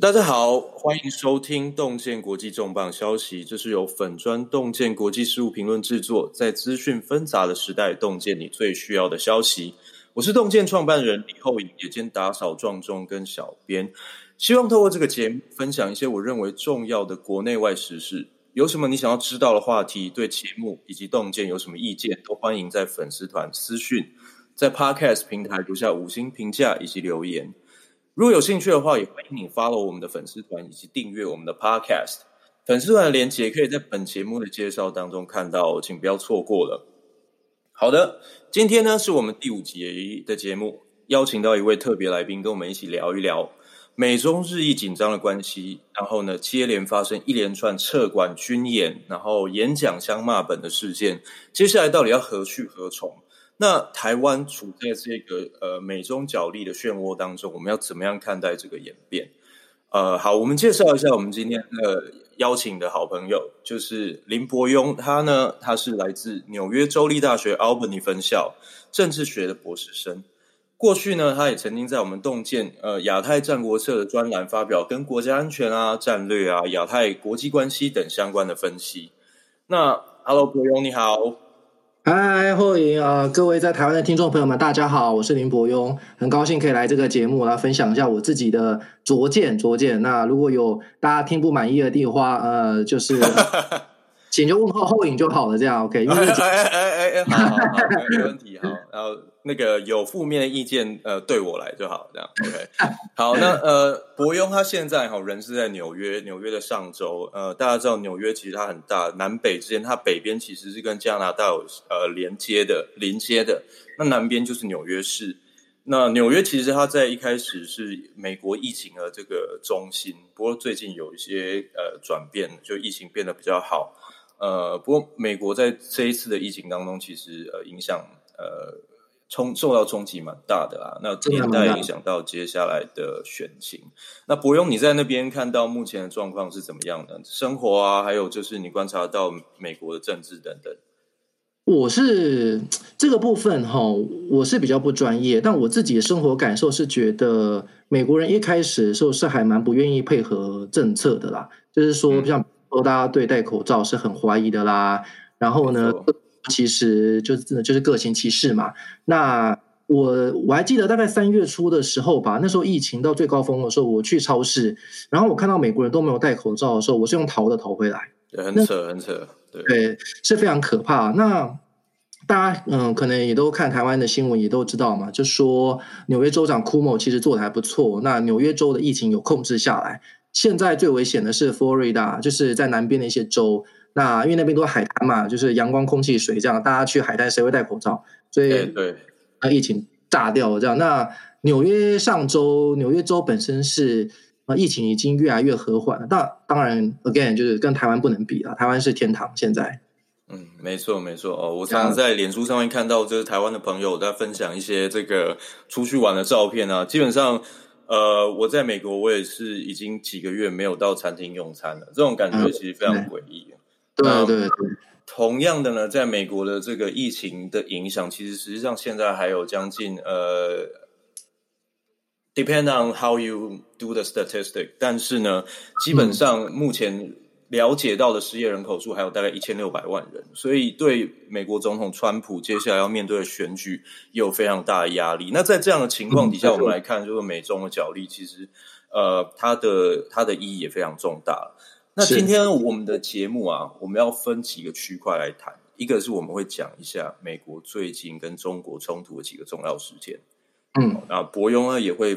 大家好，歡迎收聽洞見國際重磅消息，這是由粉專洞見國際事務評論制作，在資訊紛雜的時代，洞見你最需要的消息。我是洞見創辦人李厚穎，也兼打掃撞鐘跟小編。希望透過這個節目，分享一些我認為重要的國內外時事。有什麼你想要知道的話題，對節目以及洞見有什麼意見，都歡迎在粉絲團私訊，在 Podcast 平台留下五星評價以及留言。如果有興趣的話，也歡迎你 follow 我們的粉絲團以及訂閱我們的 podcast。粉絲團的連結可以在本節目的介紹當中看到哦，請不要錯過了。好的，今天呢是我們第五集的節目，邀請到一位特別來賓，跟我們一起聊一聊美中日益緊張的關係。然後呢，接連發生一連串撤館軍演，然後演講相罵本的事件，接下來到底要何去何從？那台灣處在這個呃美中角力的漩渦當中，我們要怎麼樣看待這個演變？呃，好，我們介紹一下我們今天呃邀請的好朋友，就是林伯雍，他呢，他是來自紐約州立大學 Albany 分校政治學的博士生。過去呢，他也曾經在我們《洞見》呃《亞太戰國策》的專欄發表跟國家安全啊、戰略啊、亞太國際關係等相關的分析。那 Hello，伯雍你好。嗨，歡迎啊，各位在台灣的聽眾朋友們，大家好，我是林伯雍，很高興可以來這個節目來分享一下我自己的拙見、拙見。那如果有大家聽不滿意的地方，呃，就是。 請就問候後影就好了，這樣 OK。哎，哎哎哎，好，好，好， 好，好好，沒問題。然後，呃，那個有負面意見，呃，對我來就好，這樣 OK。好，那呃，伯雍他現在哈人是在紐約，紐約的上州。呃，大家知道紐約其實它很大，南北之間，它北邊其實是跟加拿大有呃連接的，連接的。那南邊就是紐約市。那紐約其實它在一開始是美國疫情的這個中心，不過最近有一些呃轉變，就疫情變得比較好。呃，不過美國在這一次的疫情當中，其實呃影響呃衝受到衝擊蠻大的啦。那這代影響到接下來的選情。那伯雍你在那邊看到目前的狀況是怎麼樣的？生活啊，還有就是你觀察到美國的政治等等。我是這個部分哈、哦，我是比較不專業，但我自己的生活感受是覺得美國人一開始的時候是還蠻不願意配合政策的啦，就是說比較、嗯。說大家對戴口罩是很懷疑的啦，然後呢，其實就是真的就是各行其事嘛。那我我還記得大概三月初的時候吧，那時候疫情到最高峰的時候，我去超市，然後我看到美國人都沒有戴口罩的時候，我是用逃的逃回來。很扯，很扯對，對，是非常可怕。那大家嗯，可能也都看台灣的新聞，也都知道嘛，就說紐約州長庫莫其實做得還不錯，那紐約州的疫情有控制下來。現在最危險的是佛羅里達，就是在南邊的一些州。那因為那邊都是海灘嘛，就是陽光、空氣、水這樣，大家去海灘誰會戴口罩？所以，對，那、呃、疫情炸掉了這樣。那紐約上周，紐約州本身是、呃、疫情已經越來越和緩了。但當然，again 就是跟台灣不能比啊，台灣是天堂現在。嗯，沒錯沒錯哦。我常常在臉書上面看到，就是台灣的朋友在分享一些這個出去玩的照片啊，基本上。呃，我在美國，我也是已經幾個月沒有到餐廳用餐了，這種感覺其實非常詭異。Uh, 嗯、對，對對對，同樣的呢，在美國的這個疫情的影響，其實實際上現在還有將近，呃，depend on how you do the statistic，但是呢，基本上目前，嗯。了解到的失業人口數還有大概一千六百萬人，所以對美國總統川普接下來要面對的選舉有非常大的壓力。那在這樣的情況底下，我們來看，就是美中的角力其實，呃，它的它的意義也非常重大。那今天我們的節目啊，我們要分幾個區塊來談，一個是我們會講一下美國最近跟中國衝突的幾個重要事件，嗯，然後伯雍呢也會。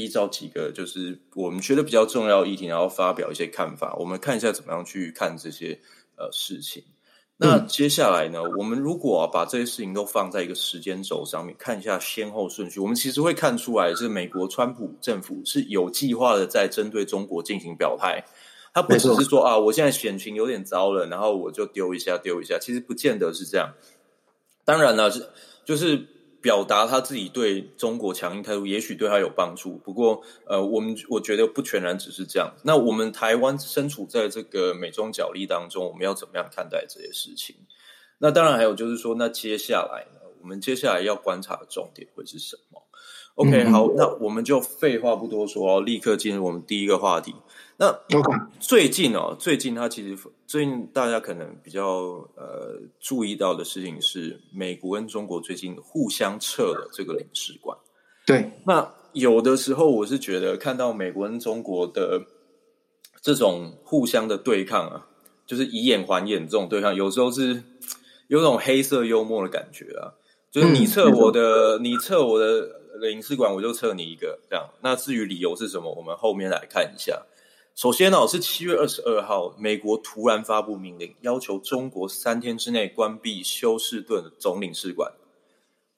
依照幾個就是我們覺得比較重要的議題，然後發表一些看法。我們看一下怎麼樣去看這些呃事情。那接下來呢，嗯、我們如果、啊、把這些事情都放在一個時間軸上面看一下先後順序，我們其實會看出來是美國川普政府是有計劃的在針對中國進行表態，他不只是說啊，我現在選情有點糟了，然後我就丟一下丟一下。其實不見得是這樣。當然了，是就是。表達他自己對中國強硬態度，也許對他有幫助。不過，呃，我們我覺得不全然只是這樣。那我們台灣身處在這個美中角力當中，我們要怎麼樣看待這些事情？那當然還有就是說，那接下來呢，我們接下來要觀察的重點會是什麼？OK，嗯嗯好，那我們就廢話不多說，立刻進入我們第一個話題。那最近哦，Okay. 最近他其實最近大家可能比較呃注意到的事情是，美國跟中國最近互相撤了這個領事館。對，那有的時候我是覺得看到美國跟中國的這種互相的對抗啊，就是以眼還眼這種對抗，有時候是有種黑色幽默的感覺啊，就是你撤我的，嗯、你撤我的，你撤我的領事館，我就撤你一個這樣。那至於理由是什麼，我們後面來看一下。首先呢、哦，是七月二十二號，美國突然發布命令，要求中國三天之內關閉休士頓總領事館。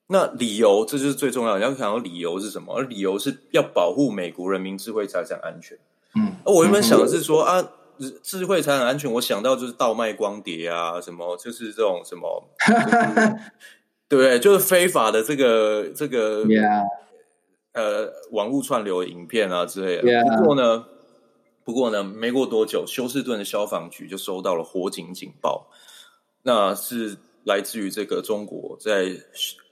那理由，這就是最重要。你要想到理由是什麼？而理由是要保護美國人民智慧財產安全。嗯，我原本想的是說、嗯、啊，智慧財產安全，我想到就是盜賣光碟啊，什麼就是這種什麼，對、就、不、是、 對？就是非法的這個這個，yeah. 呃，網絡串流影片啊之類的。不、yeah. 過呢。不過呢，沒過多久，休斯頓的消防局就收到了火警警報，那是來自於這個中國在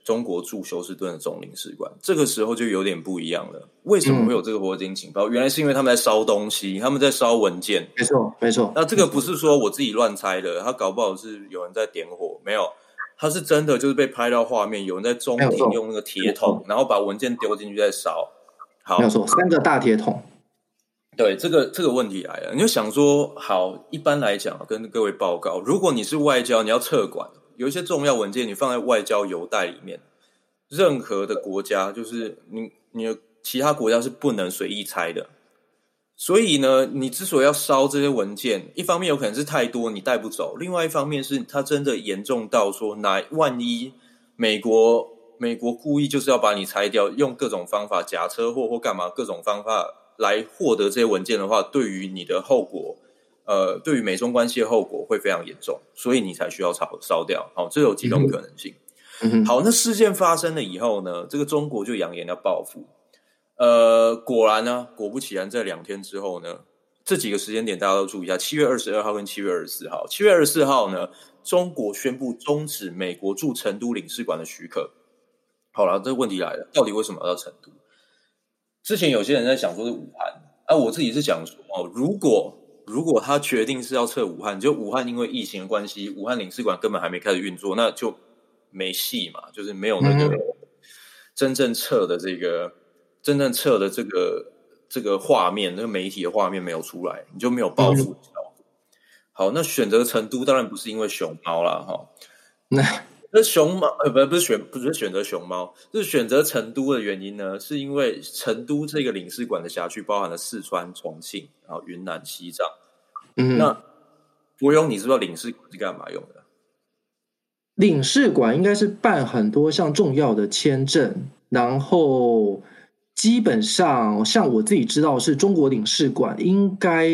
中國駐休斯頓的總領事館。這個時候就有點不一樣了。為什麼會有這個火警警報？嗯，原來是因為他們在燒東西，他們在燒文件。沒錯，沒錯。那這個不是說我自己亂猜的，他搞不好是有人在點火。沒有，他是真的，就是被拍到畫面，有人在中庭用那個鐵桶，然後把文件丟進去再燒。好，沒錯，三個大鐵桶。對這個這個問題來了，你就想說，好，一般來講，跟各位報告，如果你是外交，你要撤館，有一些重要文件，你放在外交郵袋裡面，任何的國家，就是你，你有其他國家是不能隨意拆的。所以呢，你之所以要燒這些文件，一方面有可能是太多你帶不走，另外一方面是它真的嚴重到說哪，哪萬一美國美國故意就是要把你拆掉，用各種方法假車禍或，或幹嘛，各種方法。來獲得這些文件的話，對於你的後果，呃，對於美中關係的後果會非常嚴重，所以你才需要燒燒掉。好、哦，這有幾種可能性。好，那事件發生了以後呢？這個中國就揚言要報復。呃，果然呢、啊，果不其然，在兩天之後呢，這幾個時間點大家都注意一下：七月二十二號跟七月二十四號。七月二十四號呢，中國宣布終止美國駐成都領事館的許可。好了，這個問題來了，到底為什麼要到成都？之前有些人在想，說是武漢，啊，我自己是想說哦，如果如果他決定是要撤武漢，就武漢因為疫情的關係，武漢領事館根本還沒開始運作，那就沒戲嘛，就是沒有那個真正撤的這個、嗯、真正撤的這個這個畫面，那個媒體的畫面沒有出來，你就沒有報復的效果。好，那選擇成都當然不是因為熊貓啦。哈、哦。那、嗯。那熊貓呃，不是不是選不是選擇熊貓，是選擇成都的原因呢？是因為成都這個領事館的轄區包含了四川、重慶，然後雲南、西藏。嗯，那伯雍，你知道領事館是幹嘛用的？領事館應該是辦很多項重要的簽證，然後基本上像我自己知道是中國領事館，應該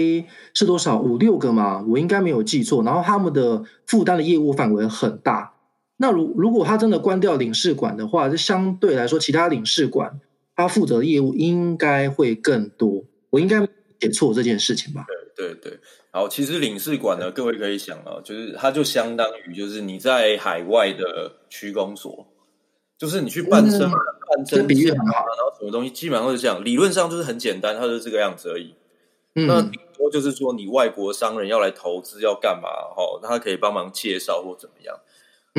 是多少五六個嘛，我應該沒有記錯。然後他們的負擔的業務範圍很大。那如，如果他真的關掉領事館的話，就相對來說，其他領事館他負責的業務應該會更多。我應該寫錯這件事情吧？對對對。好，其實領事館呢，各位可以想啊，就是它就相當於就是你在海外的區公所，就是你去辦證、啊、辦證件啊很好，然後什麼東西，基本上都是這樣。理論上就是很簡單，它就是這個樣子而已。嗯、那比如說就是說，你外國商人要來投資要幹嘛？哈，他可以幫忙介紹或怎麼樣。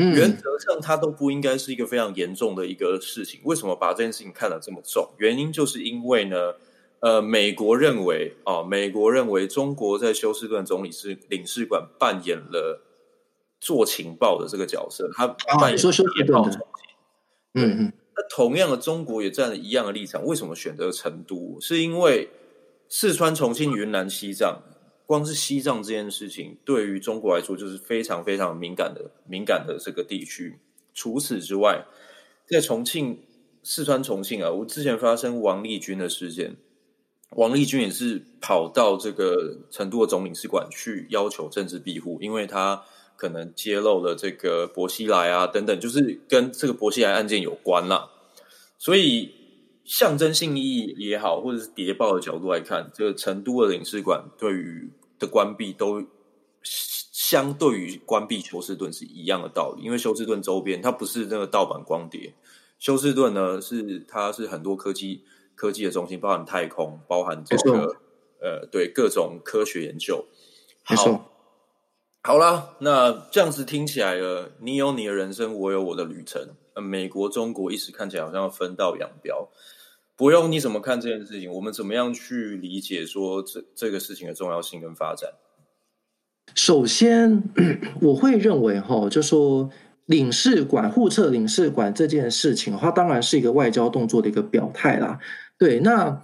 原則上，它都不應該是一個非常嚴重的一個事情。為什麼把這件事情看得這麼重？原因就是因為呢，呃，美國認為啊，呃，美國認為中國在休斯頓總領事領事館扮演了做情報的這個角色，他扮演做情報的，啊。嗯嗯。那同樣的，中國也站了一樣的立場。為什麼選擇成都？是因為四川重新、重慶、雲南、西藏。光是西藏這件事情，對於中國來說就是非常非常敏感的、敏感的這個地區。除此之外，在重慶、四川重慶啊，我之前發生王立軍的事件，王立軍也是跑到這個成都的總領事館去要求政治庇護，因為他可能揭露了這個薄熙來啊等等，就是跟這個薄熙來案件有關啦。所以象徵性意義也好，或者是諜報的角度來看，這個成都的領事館對於的關閉都相對於關閉休斯頓是一樣的道理，因為休斯頓周邊它不是那個盜版光碟，休斯頓呢是它是很多科技科技的中心，包含太空，包含這個呃對各種科學研究。好，好啦，那這樣子聽起來了，你有你的人生，我有我的旅程，呃、美國、中國一時看起來好像分道揚鑣。不用你怎麼看這件事情，我們怎麼樣去理解說這這個事情的重要性跟發展？首先，我會認為哈、哦，就是、說領事館互撤領事館這件事情，它當然是一個外交動作的一個表態啦。對，那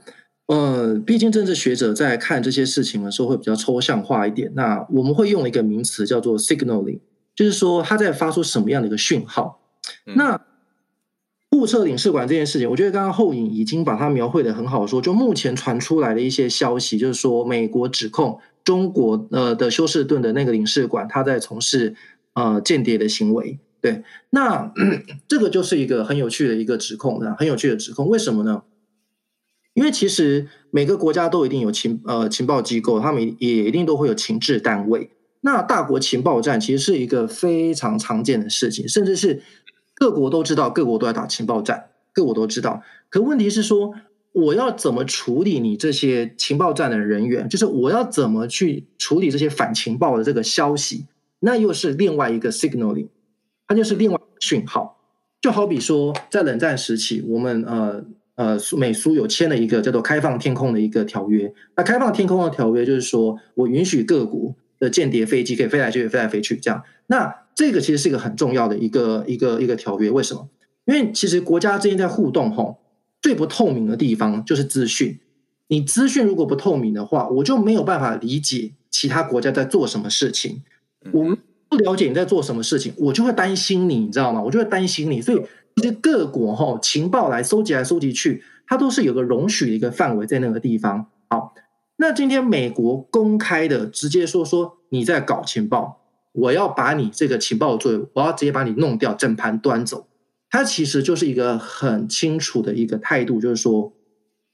呃，畢竟政治學者在看這些事情的時候會比較抽象化一點。那我們會用一個名詞叫做 signaling，就是說他在發出什麼樣的一個訊號？嗯、那互撤領事館這件事情，我覺得剛剛後影已經把它描繪得很好。說，就目前傳出來的一些消息，就是說美國指控中國呃的休斯頓的那個領事館，他在從事呃間諜的行為。對，那這個就是一個很有趣的一個指控的，很有趣的指控。為什麼呢？因為其實每個國家都一定有情呃情報機構，他們也一定都會有情治單位。那大國情報戰其實是一個非常常見的事情，甚至是。各國都知道，各國都在打情報戰，各國都知道。可問題是說，我要怎麼處理你這些情報戰的人員？就是我要怎麼去處理這些反情報的這個消息？那又是另外一個 signaling，它就是另外一個訊號。就好比說，在冷戰時期，我們呃呃美蘇有簽了一個叫做“開放天空”的一個條約。那“開放天空”的條約就是說我允許各國的間諜飛機可以飛來去、飛來飛去這樣。那這個其實是一個很重要的一個一個一個條約，為什麼？因為其實國家之間在互動，吼，最不透明的地方就是資訊。你資訊如果不透明的話，我就沒有辦法理解其他國家在做什麼事情。我不了解你在做什麼事情，我就會擔心你，你知道嗎？我就會擔心你。所以其實各國吼，情報來蒐集來蒐集去，它都是有個容許的一個範圍在那個地方。好，那今天美國公開的直接說說你在搞情報。我要把你這個情報做，我要直接把你弄掉，整盤端走。他其實就是一個很清楚的一個態度，就是說，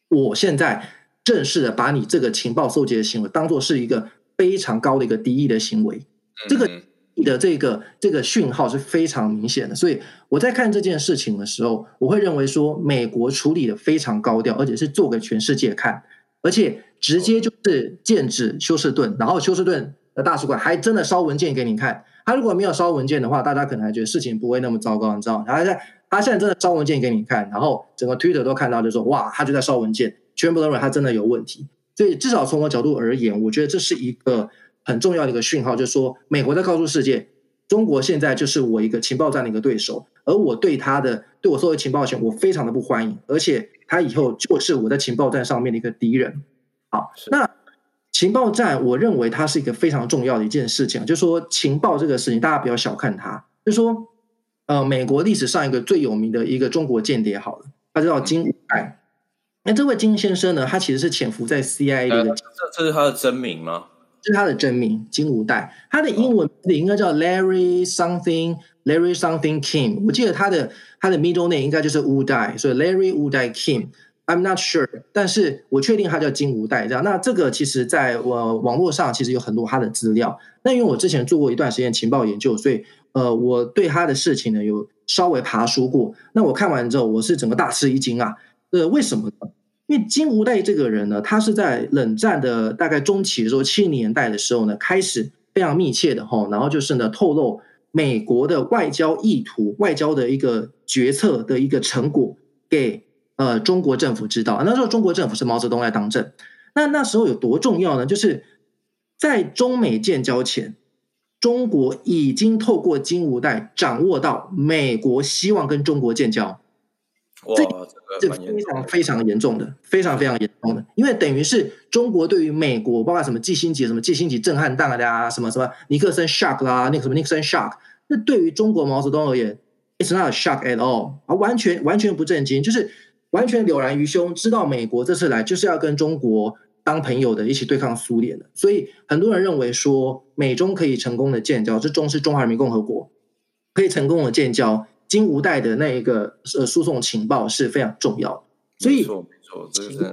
我現在正式的把你這個情報蒐集的行為，當做是一個非常高的一個敵意的行為。這個敵意的這個這個訊號是非常明顯的。所以我在看這件事情的時候，我會認為說，美國處理得非常高調，而且是做給全世界看，而且直接就是劍指休斯頓，然後休斯頓。大使館還真的燒文件給你看，他如果沒有燒文件的話，大家可能還覺得事情不會那麼糟糕，你知道？然後他他現在真的燒文件給你看，然後整個 Twitter 都看到，就說哇，他就在燒文件，全部都認為他真的有問題。所以至少從我角度而言，我覺得這是一個很重要的一個訊號，就是說美國在告訴世界，中國現在就是我一個情報戰的一個對手，而我對他的對我作為情報線我非常的不歡迎，而且他以後就是我在情報戰上面的一個敵人。好，那。情報站我認為它是一個非常重要的一件事情。就是說情報這個事情，大家不要小看它。就是、說，呃，美國歷史上一個最有名的一個中國間諜，好了，他叫金武代。那、嗯、這位金先生呢，他其實是潛伏在 CIA 的。這、啊、這是他的真名嗎？就是他的真名，金武代。他的英文名字應該叫 Larry Something Larry Something Kim。我記得他的他的 middle name 應該就是武代，所以 Larry Wu 代 Kim。I'm not sure，但是我確定他叫金無怠這樣。那這個其實在我網絡上其實有很多他的資料。那因為我之前做過一段時間情報研究，所以呃，我對他的事情呢有稍微爬梳過。那我看完之後，我是整個大吃一驚啊。呃，為什麼呢？因為金無怠這個人呢，他是在冷戰的大概中期的時候，七十年代的時候呢，開始非常密切的吼。然後就是呢，透露美國的外交意圖、外交的一個決策的一個成果給。呃，中國政府知道，那時候中國政府是毛澤東在當政，那那時候有多重要呢？就是在中美建交前，中國已經透過金無怠掌握到美國希望跟中國建交。哇，這個非常非常嚴重的、嗯，非常非常嚴重的。因為等於是中國對於美國，包括什麼基辛格、什麼基辛格震撼彈的啊，什麼什麼尼克森 shock 啦、啊，那個什麼尼克森 shock，那對於中國毛澤東而言，it's not a shock at all 啊，完全完全不震驚，就是。完全了然於胸，知道美國這次來就是要跟中國當朋友的，一起對抗蘇聯的，所以很多人認為說美中可以成功的建交，這中是中華人民共和國可以成功的建交。金無怠的那一個輸送、呃、情報是非常重要的，所以情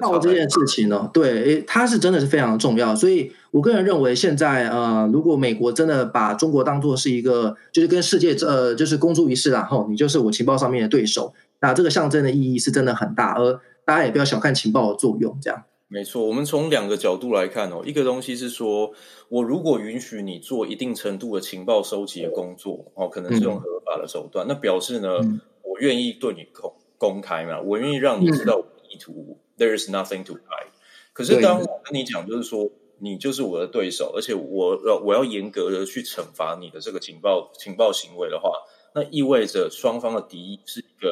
報這件事情呢，對，它是真的是非常的重要。所以我個人認為，現在呃，如果美國真的把中國當做是一個，就是跟世界呃，就是公諸於世，然後你就是我情報上面的對手。那這個象徵的意義是真的很大，而大家也不要小看情報的作用這樣。沒錯，我們從兩個角度來看哦。一個東西是說，我如果允許你做一定程度的情報收集的工作哦,哦，可能是用合法的手段，嗯、那表示呢、嗯，我願意對你公公開嘛，我願意讓你知道我的意圖。嗯、There is nothing to hide。可是當我跟你講，就是說你就是我的對手，而且我我要嚴格的去懲罰你的這個情報情報行為的話，那意味着雙方的敵意是一個。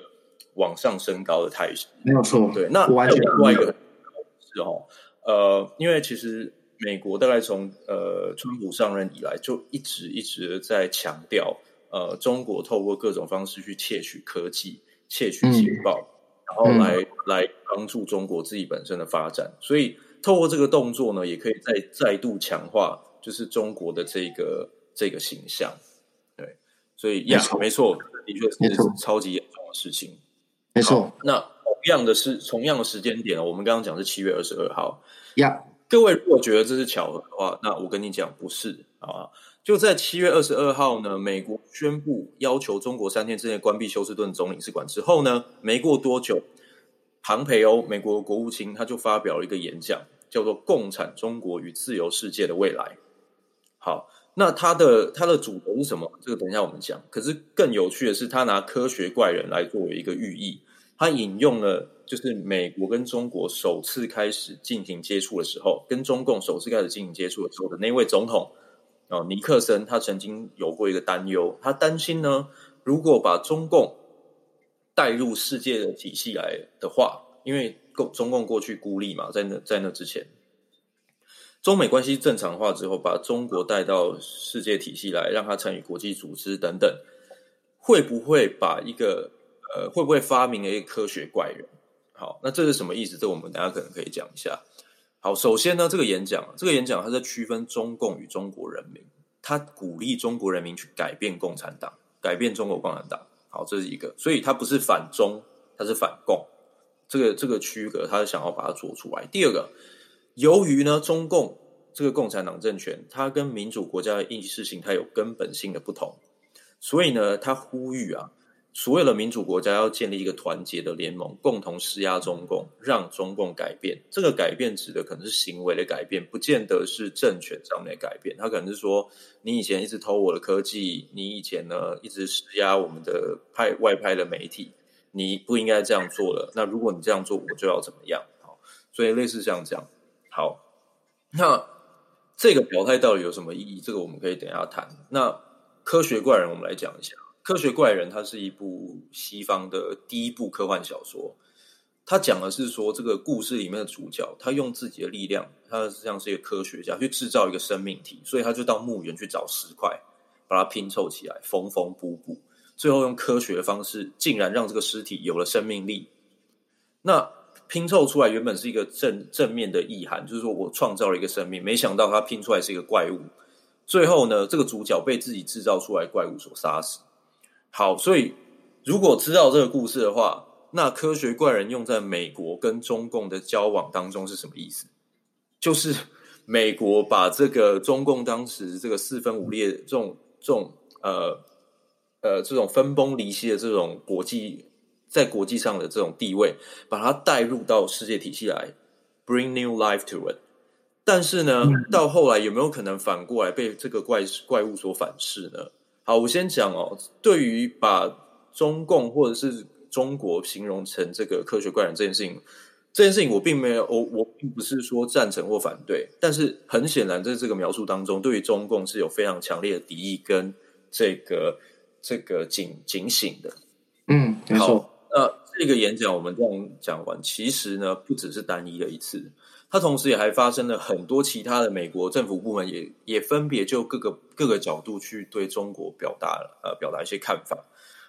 往上升高的態勢，沒有錯。對，那完全那另外一個是哦，呃，因為其實美國大概從呃川普上任以來，就一直一直在強調，呃，中國透過各種方式去竊取科技、竊取情報，嗯、然後來、嗯、來幫助中國自己本身的發展。所以透過這個動作呢，也可以再再度強化，就是中國的這個這個形象。對，所以呀沒，沒錯，的確是，是超級嚴重的事情。沒錯，那同樣的時同樣的時間點，哦，我們剛剛講是七月二十二號。呀、yeah.，各位如果覺得這是巧合的話，那我跟你講不是啊。就在七月二十二號呢，美國宣布要求中國三天之內關閉休斯頓總領事館之後呢，沒過多久，龐培歐，美國國務卿他就發表了一個演講，叫做《共產中國與自由世界的未來》。好。那它的它的主題是什麼？這個等一下我們講。可是更有趣的是，他拿科學怪人來作為一個寓意。他引用了，就是美國跟中國首次開始進行接觸的時候，跟中共首次開始進行接觸的時候的那位總統，哦，尼克森，他曾經有過一個擔憂，他擔心呢，如果把中共帶入世界的體系來的話，因為共中共過去孤立嘛，在那在那之前。中美關係正常化之後，把中國帶到世界體系來，讓它參與國際組織等等，會不會把一個呃，會不會發明一個科學怪人？好，那這是什麼意思？這個、我們等下可能可以講一下。好，首先呢，這個演講，這個演講，它在區分中共與中國人民，它鼓勵中國人民去改變共產黨，改變中國共產黨。好，這是一個，所以它不是反中，它是反共。這個這個區隔，它是想要把它做出來。第二個，由於呢，中共。這個共產黨政權，它跟民主國家的意識形態有根本性的不同，所以呢，他呼籲啊，所有的民主國家要建立一個團結的聯盟，共同施壓中共，讓中共改變。這個改變指的可能是行為的改變，不見得是政權上面的改變。他可能是說，你以前一直偷我的科技，你以前呢一直施壓我們的派外派的媒體，你不應該這樣做的。那如果你這樣做，我就要怎麼樣？好，所以類似像這樣講。好，那。這個表態到底有什麼意義？這個我們可以等一下談。那《科學怪人》我們來講一下，《科學怪人》它是一部西方的第一部科幻小說。他講的是說，這個故事裡面的主角，他用自己的力量，他實際上是一個科學家，去製造一個生命體，所以他就到墓園去找石塊，把它拼湊起來，縫縫補補，最後用科學的方式，竟然讓這個屍體有了生命力。那拼湊出來原本是一個正正面的意涵，就是說我創造了一個生命，沒想到他拼出來是一個怪物。最後呢，這個主角被自己製造出來怪物所殺死。好，所以如果知道這個故事的話，那科學怪人用在美國跟中共的交往當中是什麼意思？就是美國把這個中共當時這個四分五裂、這種這種呃呃這種分崩離析的這種國際。在國際上的這種地位，把它帶入到世界體系來，bring new life to it。但是呢，嗯，到後來有沒有可能反過來被這個怪怪物所反噬呢？好，我先講哦。對於把中共或者是中國形容成這個科學怪人這件事情，這件事情我並沒有，我我並不是說贊成或反對。但是很顯然在這個描述當中，對於中共是有非常強烈的敵意跟這個這個警警醒的。嗯，沒錯。好那、呃、這個演講我們這樣講完，其實呢，不只是單一的一次，它同時也還發生了很多其他的美國政府部門也也分別就各個各個角度去對中國表達了呃表達一些看法。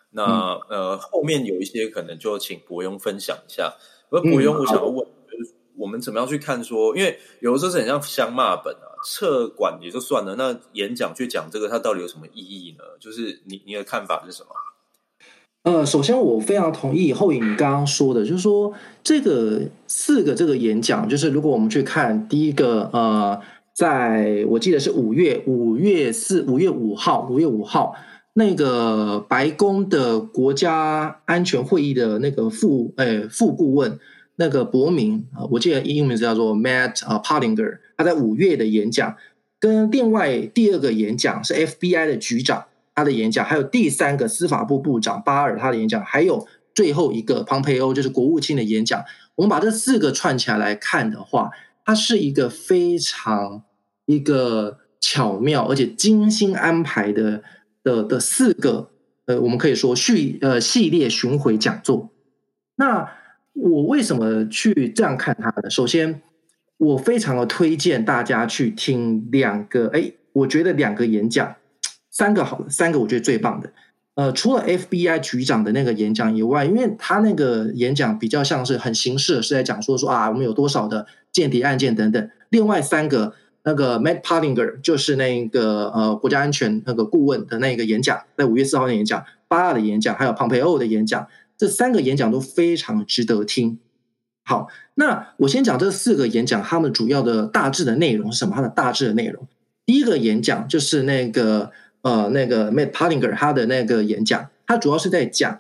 那呃後面有一些可能就請伯雍分享一下。那伯雍，我想要問、嗯，就是我們怎麼樣去看說，因為有的時候是很像相罵本啊，撤館也就算了，那演講去講這個，它到底有什麼意義呢？就是你你的看法是什麼？呃，首先我非常同意後影剛剛說的，就是說這個四個這個演講，就是如果我們去看第一個，呃，在我記得是五月五月四五月五號五月五號那個白宮的國家安全會議的那個副哎、呃、副顧問那個博明啊，我記得英文名字叫做 Matt 啊 Pottinger，他在五月的演講，跟另外第二個演講是 FBI 的局長。他的演講，還有第三個司法部部長巴爾他的演講，還有最後一個龐培歐，就是國務卿的演講。我們把這四個串起來來看的話，它是一個非常一個巧妙而且精心安排的的的四個呃，我們可以說序呃系列巡回講座。那我為什麼去這樣看他呢？首先，我非常的推薦大家去聽兩個哎，我覺得兩個演講。三個好，三個我覺得最棒的，呃，除了 FBI 局長的那個演講以外，因為他那個演講比較像是很形式的，是在講說說啊，我們有多少的間諜案件等等。另外三個，那個 Matt Pottinger 就是那個呃國家安全那個顧問的那個演講，在五月四號的演講，巴爾的演講，還有蓬佩歐的演講，這三個演講都非常值得聽。好，那我先講這四個演講，他們主要的大致的內容是什麼？他的大致的內容，第一個演講就是那個。呃，那個 Matt Pottinger 他的那個演講，他主要是在講，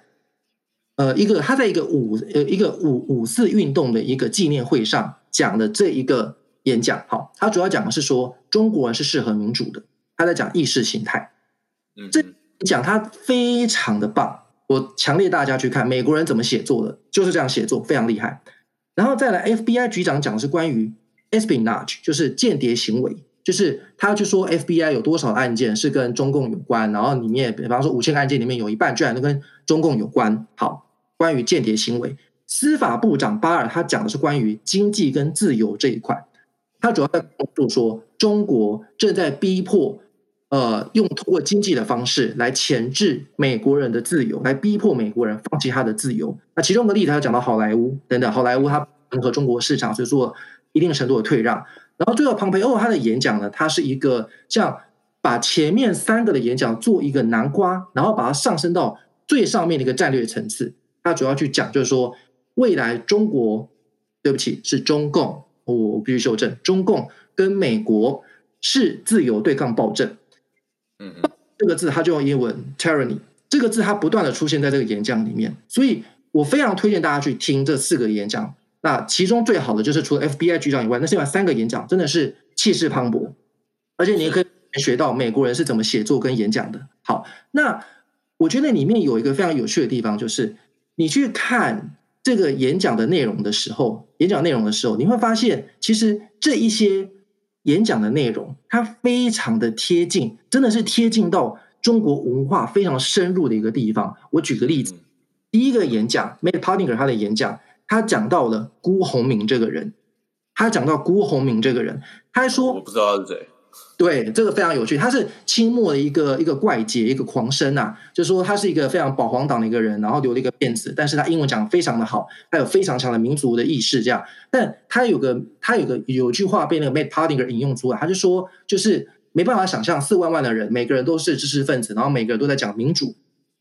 呃，一個他在一個五呃一個五五四運動的一個紀念會上講的這一個演講，好、哦，他主要講的是說中國人是適合民主的，他在講意識形態，嗯，這講他非常的棒，我強烈大家去看美國人怎麼寫作的，就是這樣寫作，非常厲害。然後再來 FBI 局長講的是關於 espionage，就是間諜行為。就是他就說，FBI 有多少案件是跟中共有關？然後裡面，比方說五千個案件裡面有一半居然都跟中共有關。好，關於間諜行為，司法部長巴爾他講的是關於經濟跟自由這一塊，他主要在說中國正在逼迫，呃，用通過經濟的方式來鉗制美國人的自由，來逼迫美國人放棄他的自由。那其中的例子他有講到好萊塢等等，好萊塢它和中國市場所以說一定程度的退讓，然後最後龐培歐他的演講呢，他是一個這樣，把前面三個的演講做一個南瓜，然後把它上升到最上面的一個戰略層次。他主要去講就是說，未來中國，對不起，是中共，我必須修正，中共跟美國是自由對抗暴政。嗯，這個字他就要英文 tyranny，這個字他不斷的出現在這個演講裡面，所以我非常推薦大家去聽這四個演講。那其中最好的就是除了 FBI 局長以外，那另外三個演講真的是氣勢磅礴，而且你也可以學到美國人是怎麼寫作跟演講的。好，那我覺得裡面有一個非常有趣的地方，就是你去看這個演講的內容的時候，演講內容的時候，你會發現其實這一些演講的內容，它非常的貼近，真的是貼近到中國文化非常深入的一個地方。我舉個例子，第一個演講、嗯、，Matt Pottinger 他的演講。他講到了辜鴻銘這個人，他講到辜鴻銘這個人，他還說我不知道他是誰。對，這個非常有趣。他是清末的一個一個怪傑，一個狂生啊，就是說他是一個非常保皇黨的一個人，然後留了一個辮子，但是他英文講非常的好，他有非常強的民族的意識。這樣，但他有個他有個有句話被那個 Matt Pottinger 引用出來，他就說，就是沒辦法想象四萬萬的人，每個人都是知識分子，然後每個人都在講民主。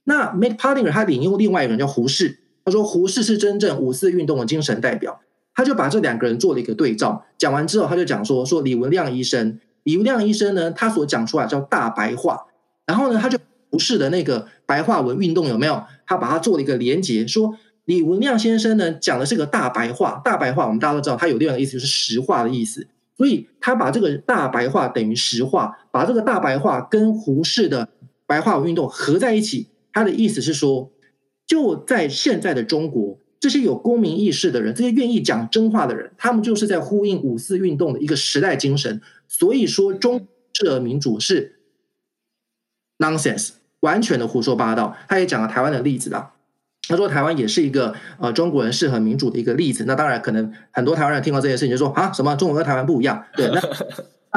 那 Matt Pottinger 他引用另外一個人叫胡適。他說：“胡適是真正五四運動的精神代表。”他就把這兩個人做了一個對照。講完之後，他就講說：“說李文亮醫生，李文亮醫生呢，他所講出來叫大白話。然後呢，他就胡適的那個白話文運動有沒有？他把它做了一個連結，說李文亮先生呢，講的是個大白話。大白話我們大家都知道，他有另外的意思，就是實話的意思。所以他把這個大白話等於實話，把這個大白話跟胡適的白話文運動合在一起。他的意思是說。”就在現在的中國，這些有公民意識的人，這些願意講真話的人，他們就是在呼應五四運動的一個時代精神。所以說，中式的民主是 nonsense，完全的胡說八道。他也講了台灣的例子的，他說台灣也是一個呃中國人適合民主的一個例子。那當然，可能很多台灣人聽到這件事情就說啊，什麼中國和台灣不一樣？對。那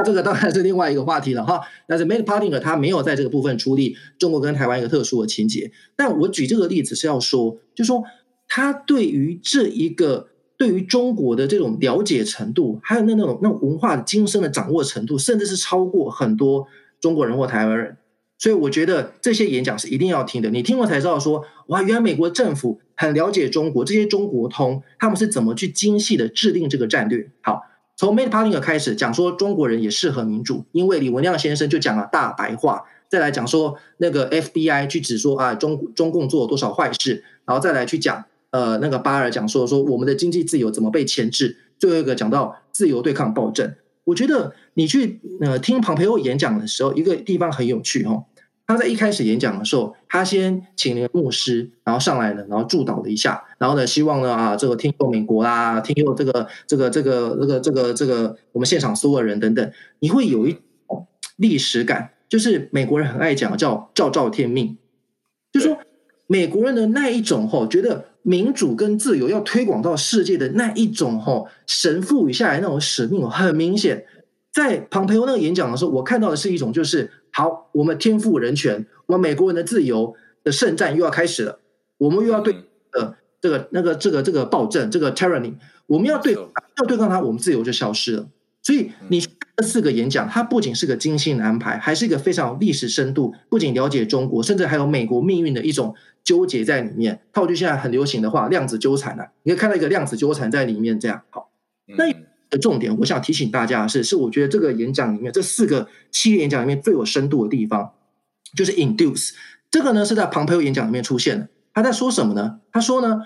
這個當然是另外一個話題了哈，但是 Matt Pottinger 他沒有在這個部分出力，中國跟台灣一個特殊的情節。但我舉這個例子是要說，就是說他對於這一個對於中國的這種了解程度，還有那那種那種文化精深的掌握程度，甚至是超過很多中國人或台灣人。所以我覺得這些演講是一定要聽的，你聽過才知道說，哇，原來美國政府很了解中國，這些中國通他們是怎麼去精細的制定這個戰略。好。從 Made Partner 開始講說中國人也適合民主，因為李文亮先生就講了大白話，再來講說那個 FBI 去指說啊中中共做了多少壞事，然後再來去講呃那個巴爾講說說我們的經濟自由怎麼被鉗制，最後一個講到自由對抗暴政。我覺得你去呃聽龐培歐演講的時候，一個地方很有趣哦他在一開始演講的時候，他先請了個牧師，然後上來了，然後祝禱了一下，然後呢，希望呢啊，這個聽眾美國啦，聽眾這個這個這個這個這個這個我們現場所有人等等，你會有一種歷史感，就是美國人很愛講叫昭昭天命，就是、說美國人的那一種哈，覺得民主跟自由要推廣到世界的那一種哈，神賦予下來那種使命很明顯，在龐培歐那個演講的時候，我看到的是一種就是。好，我們天賦人權，我們美國人的自由的聖戰又要開始了。我們又要對呃這個、這個、那個這個這個暴政，這個 tyranny，我們要對要對抗它，我們自由就消失了。所以你這四個演講，它不僅是個精心的安排，還是一個非常有歷史深度，不僅了解中國，甚至還有美國命運的一種糾結在裡面。套句現在很流行的話，量子糾纏啊，你可以看到一個量子糾纏在裡面這樣。好，那。的重點，我想提醒大家的是，是我覺得這個演講裡面這四個七個演講裡面最有深度的地方，就是 induce 這個呢是在龐培歐演講裡面出現的。他在說什麼呢？他說呢，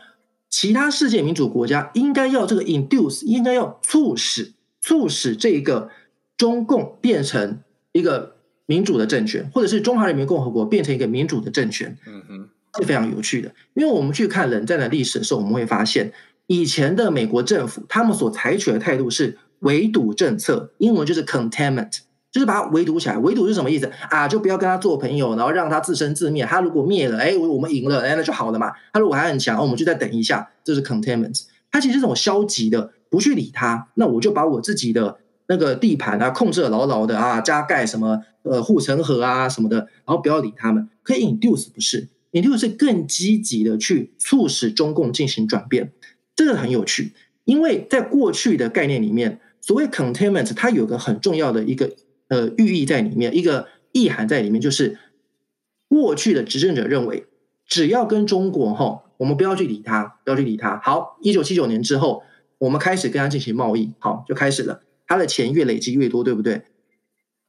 其他世界民主國家應該要這個 induce，應該要促使促使這一個中共變成一個民主的政權，或者是中華人民共和國變成一個民主的政權，嗯哼，是非常有趣的。因為我們去看冷戰的歷史的時候，我們會發現。以前的美國政府，他們所採取的態度是圍堵政策，英文就是 containment，就是把它圍堵起來。圍堵是什麼意思？啊，就不要跟他做朋友，然後讓他自生自滅。他如果滅了，哎、欸，我們贏了，哎，那就好了嘛。他如果還很強、哦，我們就再等一下。這、就是 containment。他其實這種消極的，不去理他。那我就把我自己的那個地盤啊，控制牢牢的啊，加蓋什麼呃護城河啊什麼的，然後不要理他們。可以 induce 不是？induce 是更積極的去促使中共進行轉變。這個很有趣，因為在過去的概念裡面，所謂 containment，它有個很重要的一個呃寓意在裡面，一個意涵在裡面，就是過去的執政者認為，只要跟中國哈、哦，我們不要去理他，不要去理他。好，一九七九年之後，我們開始跟它進行貿易，好，就開始了，它的錢越累積越多，對不對？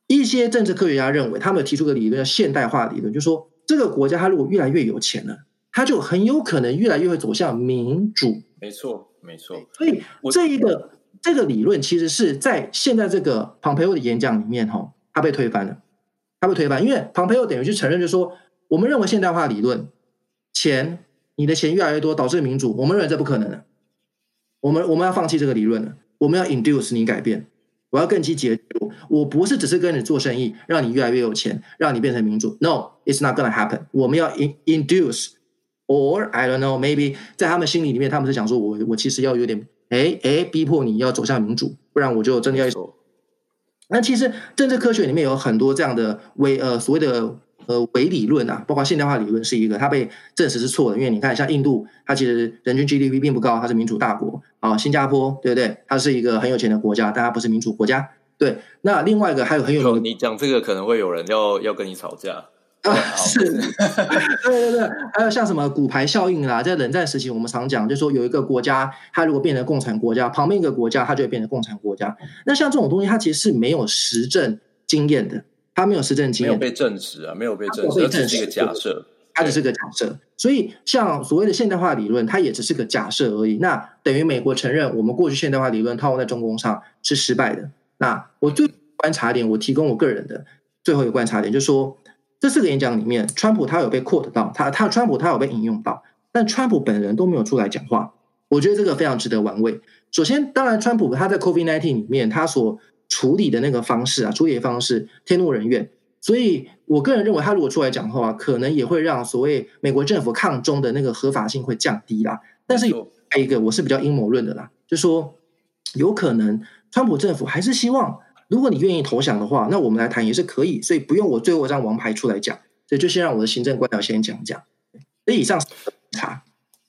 一些政治科學家認為，他們提出的理論叫現代化理論，就是說，這個國家它如果越來越有錢了。他就很有可能越來越會走向民主。沒錯，沒錯。所以這一個這個理論其實是在現在這個龐培歐的演講裡面哈、哦，他被推翻了。他被推翻，因為龐培歐等於去承認就是說，就說我們認為現代化理論，錢你的錢越來越多導致民主，我們認為這不可能的。我們我們要放棄這個理論，我們要 induce 你改變。我要更積極的，我不是只是跟你做生意，讓你越來越有錢，讓你變成民主。No，it's not gonna happen。我們要 induce。Or I don't know, maybe 在他們心裡裡面，他們是想說，我，我我其實要有點，誒、欸、誒、欸，逼迫你要走向民主，不然我就真的要走。那 so... 其實政治科學裡面有很多這樣的偽呃所謂的呃偽理論啊，包括現代化理論是一個，它被證實是錯的。因為你看，像印度，它其實人均 GDP 並不高，它是民主大國啊。新加坡對不對？它是一個很有錢的國家，但它不是民主國家。對。那另外一個還有很有，哦，你講這個可能會有人要要跟你吵架。啊、是， 對對對，還有像什麼骨牌效應啦，在冷戰時期，我們常講，就是、說有一個國家，它如果變成共產國家，旁邊一個國家，它就會變成共產國家。那像這種東西，它其實是沒有實證經驗的，它沒有實證經驗，沒有被證實啊，沒有被證實。它只是一個假設，它只是個假設。所以，像所謂的現代化理論，它也只是個假設而已。那等於美國承認，我們過去現代化理論套用在中共上是失敗的。那我最後觀察點，我提供我個人的最後一個觀察點，就是說。這四個演講裡面，川普他有被 quote 到，他他川普他有被引用到，但川普本人都沒有出來講話。我覺得這個非常值得玩味。首先，當然川普他在 COVID-19 裡面他所處理的那個方式啊，處理的方式，天怒人怨，所以我個人認為他如果出來講的話，可能也會讓所謂美國政府抗中的那個合法性會降低啦。但是有還有一個我是比較陰謀論的啦，就說有可能川普政府還是希望。如果你願意投降的話，那我們來談也是可以，所以不用我最後一張王牌出來講，所以就先讓我的行政官僚先講講。所以以上是，是他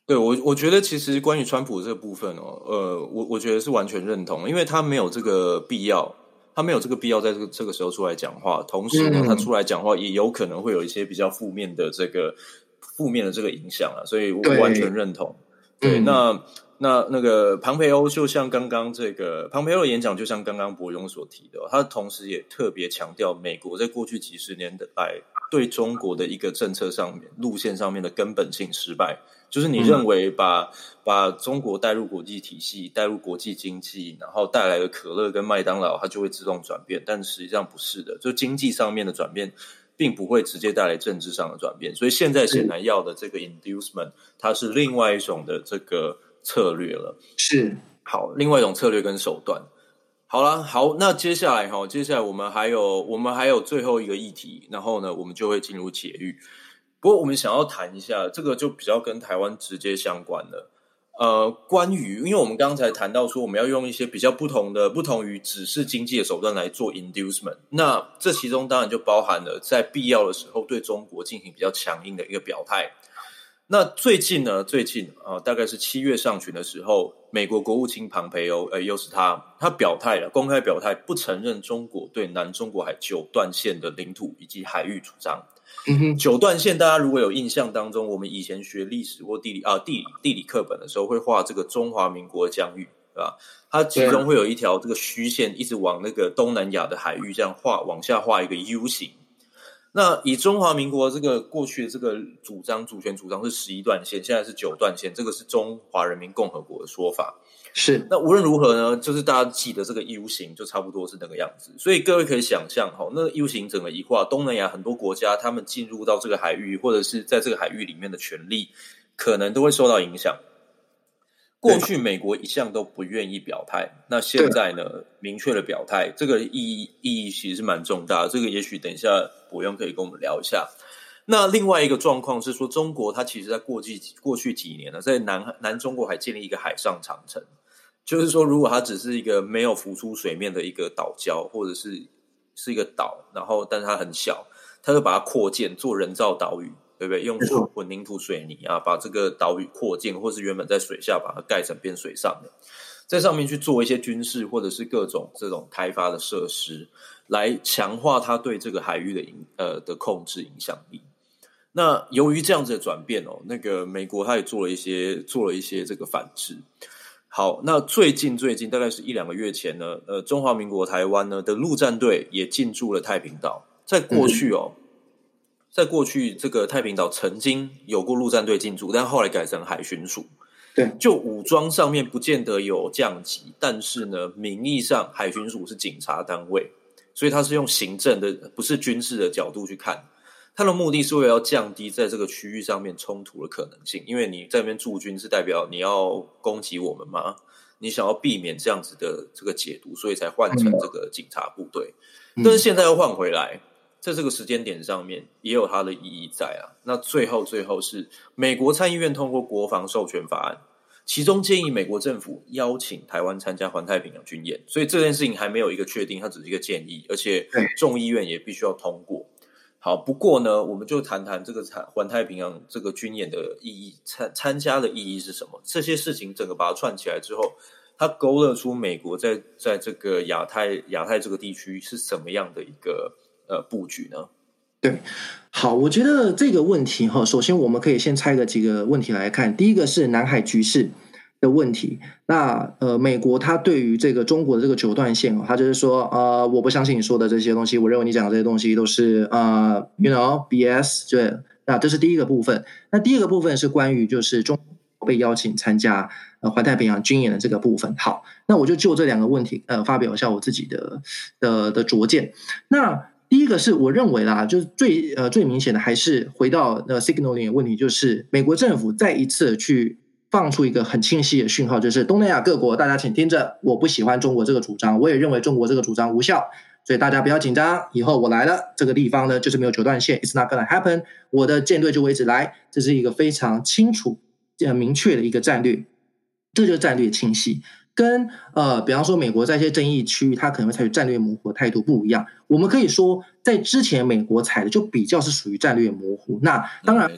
對我，我覺得其實關於川普這個部分哦，呃，我我覺得是完全認同，因為他沒有這個必要，他沒有這個必要在這個這個時候出來講話，同時呢、嗯，他出來講話也有可能會有一些比較負面的這個負面的這個影響啊。所以我完全認同。對，對對那。嗯那那個龐培歐，就像剛剛這個龐培歐的演講，就像剛剛伯雍所提的、哦，他同時也特別強調，美國在過去幾十年的來對中國的一個政策上面、路線上面的根本性失敗，就是你認為把把中國帶入國際體系、帶入國際經濟，然後帶來了可樂跟麥當勞，它就會自動轉變，但實際上不是的，就經濟上面的轉變並不會直接帶來政治上的轉變，所以現在顯然要的這個 inducement，它是另外一種的這個。策略了是好，另外一種策略跟手段。好了，好，那接下來哈，接下來我們還有我們還有最後一個議題，然後呢，我們就會進入結語。不過，我們想要談一下這個，就比較跟台灣直接相關了。呃，關於，因為我們剛才談到說，我們要用一些比較不同的、不同於只是經濟的手段來做 inducement，那這其中當然就包含了在必要的時候對中國進行比較強硬的一個表態。那最近呢？最近啊、哦，大概是七月上旬的時候，美國國務卿龐培歐，呃，又是他，他表態了，公開表態，不承認中國對南中國海九段線的領土以及海域主張。嗯哼，九段線，大家如果有印象當中，我們以前學歷史或地理啊地理地理課本的時候，會畫這個中華民國疆域，是吧？它其中會有一條這個虛線，一直往那個東南亞的海域這樣畫，往下畫一個 U 型。那以中華民國這個過去的這個主張主權主張是十一段線，現在是九段線，這個是中華人民共和國的說法。是。那無論如何呢，就是大家記得這個 U 型就差不多是那個樣子。所以各位可以想象哈，那 U 型整個一塊，東南亞很多國家他們進入到這個海域或者是在這個海域裡面的權利，可能都會受到影響。過去美國一向都不願意表態，那現在呢？明確的表態，這個意義意義其實蠻重大的。這個也許等一下伯雍可以跟我們聊一下。那另外一個狀況是說，中國它其實，在過去過去幾年呢，在南南中國海建立一個海上長城，就是說，如果它只是一個沒有浮出水面的一個島礁，或者是是一個島，然後，但是它很小，它就把它擴建做人造島嶼。對不對？用混凝土、水泥啊，把這個島嶼擴建，或是原本在水下把它蓋成變水上的，在上面去做一些軍事，或者是各種這種開發的設施，來強化它對這個海域的影呃的控制影響力。那由於這樣子的轉變哦，那個美國它也做了一些做了一些這個反制。好，那最近最近大概是一兩個月前呢，呃，中華民國台灣呢的陸戰隊也進駐了太平島。在過去哦。嗯在過去，這個太平島曾經有過陸戰隊進駐，但後來改成海巡署。對，就武裝上面不見得有降級，但是呢，名義上海巡署是警察單位，所以它是用行政的，不是軍事的角度去看。它的目的是為了要降低在這個區域上面衝突的可能性，因為你在那邊駐軍是代表你要攻擊我們嗎？你想要避免這樣子的這個解讀，所以才換成這個警察部隊。嗯。但是現在又換回來。在這個時間點上面，也有它的意義在啊。那最後最後是美國參議院通過國防授權法案，其中建議美國政府邀請台灣參加環太平洋軍演。所以這件事情還沒有一個確定，它只是一個建議，而且眾議院也必須要通過。好，不過呢，我們就談談這個環太平洋這個軍演的意義，參參加的意義是什麼？這些事情整個把它串起來之後，它勾勒出美國在在這個亞太亞太這個地區是什麼樣的一個。呃，佈局呢？對，好，我覺得這個問題哈，首先我們可以先拆個幾個問題來看。第一個是南海局勢的問題。那呃，美國他對於這個中國的這個九段線哦，他就是說啊、呃，我不相信你說的這些東西，我認為你講的這些東西都是啊、呃，you know BS。對，那、啊、這是第一個部分。那第二個部分是關於就是中國被邀請參加環太平洋軍演的這個部分。好，那我就就這兩個問題呃，發表一下我自己的的的拙見。那第一個是我認為啦，就是最呃最明顯的還是回到呃 signaling 的問題，就是美國政府再一次去放出一個很清晰的訊號，就是東南亞各國，大家請聽着，我不喜歡中國這個主張，我也認為中國這個主張無效，所以大家不要緊張，以後我來了這個地方呢，就是沒有九段線，it's not gonna happen，我的艦隊就會一直來，這是一個非常清楚、呃明確的一個戰略，這就是戰略清晰。跟呃，比方說美國在一些爭議區域，它可能會採取戰略模糊的態度不一樣。我們可以說，在之前美國採的就比較是屬於戰略模糊。那當然，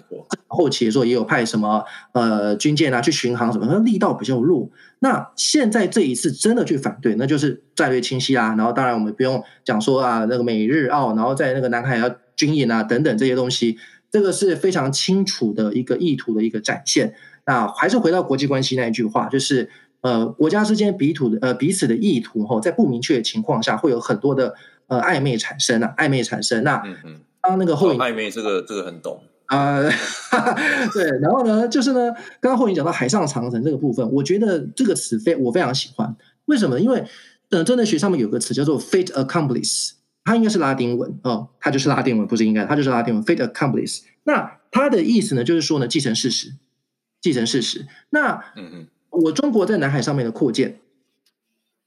後期說也有派什麼呃軍艦啊去巡航什麼，那力道比較弱。那現在這一次真的去反對，那就是戰略清晰啦，啊。然後當然我們不用講說啊那個美日澳，然後在那個南海要軍演啊等等這些東西，這個是非常清楚的一個意圖的一個展現。那還是回到國際關係那一句話，就是。呃，國家之間彼此的呃彼此的意圖哈、哦，在不明確的情況下，會有很多的呃曖昧產生啊，曖昧產生。那當、嗯嗯、那個後影，曖昧這個這個很懂啊。呃、 對，然後呢，就是呢，剛剛後影講到海上長城這個部分，我覺得這個詞非我非常喜歡。為什麼？因為等、呃、政治學上面有個詞叫做 fait accompli 它應該是拉丁文哦，它就是拉丁文，不是應該它就是拉丁文，嗯、fait accompli 那它的意思呢，就是說呢，既成事實，既成事實。那嗯嗯。嗯我中國在南海上面的擴建，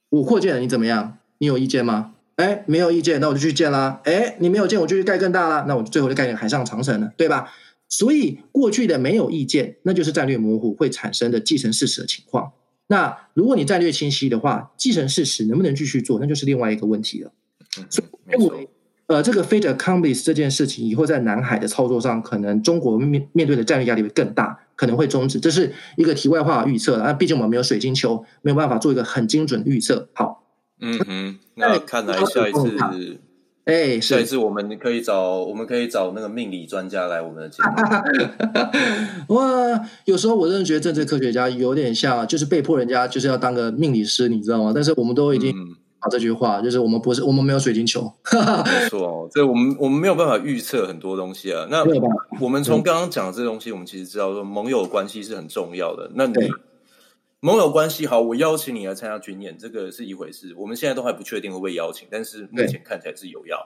我擴建了，你怎麼樣？你有意見嗎？哎，沒有意見，那我就去建啦。哎，你沒有建，我就去蓋更大啦。那我最後就蓋一個海上長城了，對吧？所以過去的沒有意見，那就是戰略模糊會產生的既成事實的情況。那如果你戰略清晰的話，既成事實能不能繼續做，那就是另外一個問題了。所以我，認為呃，這個 fait accompli 這件事情以後在南海的操作上，可能中國面面對的戰略壓力會更大。可能會終止，這是一個題外話的預測了。但畢竟我們沒有水晶球，沒有辦法做一個很精準的預測。好，嗯嗯，那看來下一次，哎，下一次我們可以找我們可以找那個命理專家來我們的節目。哈哈哈哈 哇，有時候我真的覺得政治科學家有點像，就是被迫人家就是要當個命理師，你知道嗎？但是我們都已經、嗯。啊，這句話就是我們不是，我們沒有水晶球， 沒錯哦，所以我們我們沒有辦法預測很多東西啊。那我們從剛剛講的這東西，我們其實知道說盟友的關係是很重要的。那你盟友關係好，我邀請你來參加軍演，這個是一回事。我們現在都還不確定會不會邀請，但是目前看起來是有要。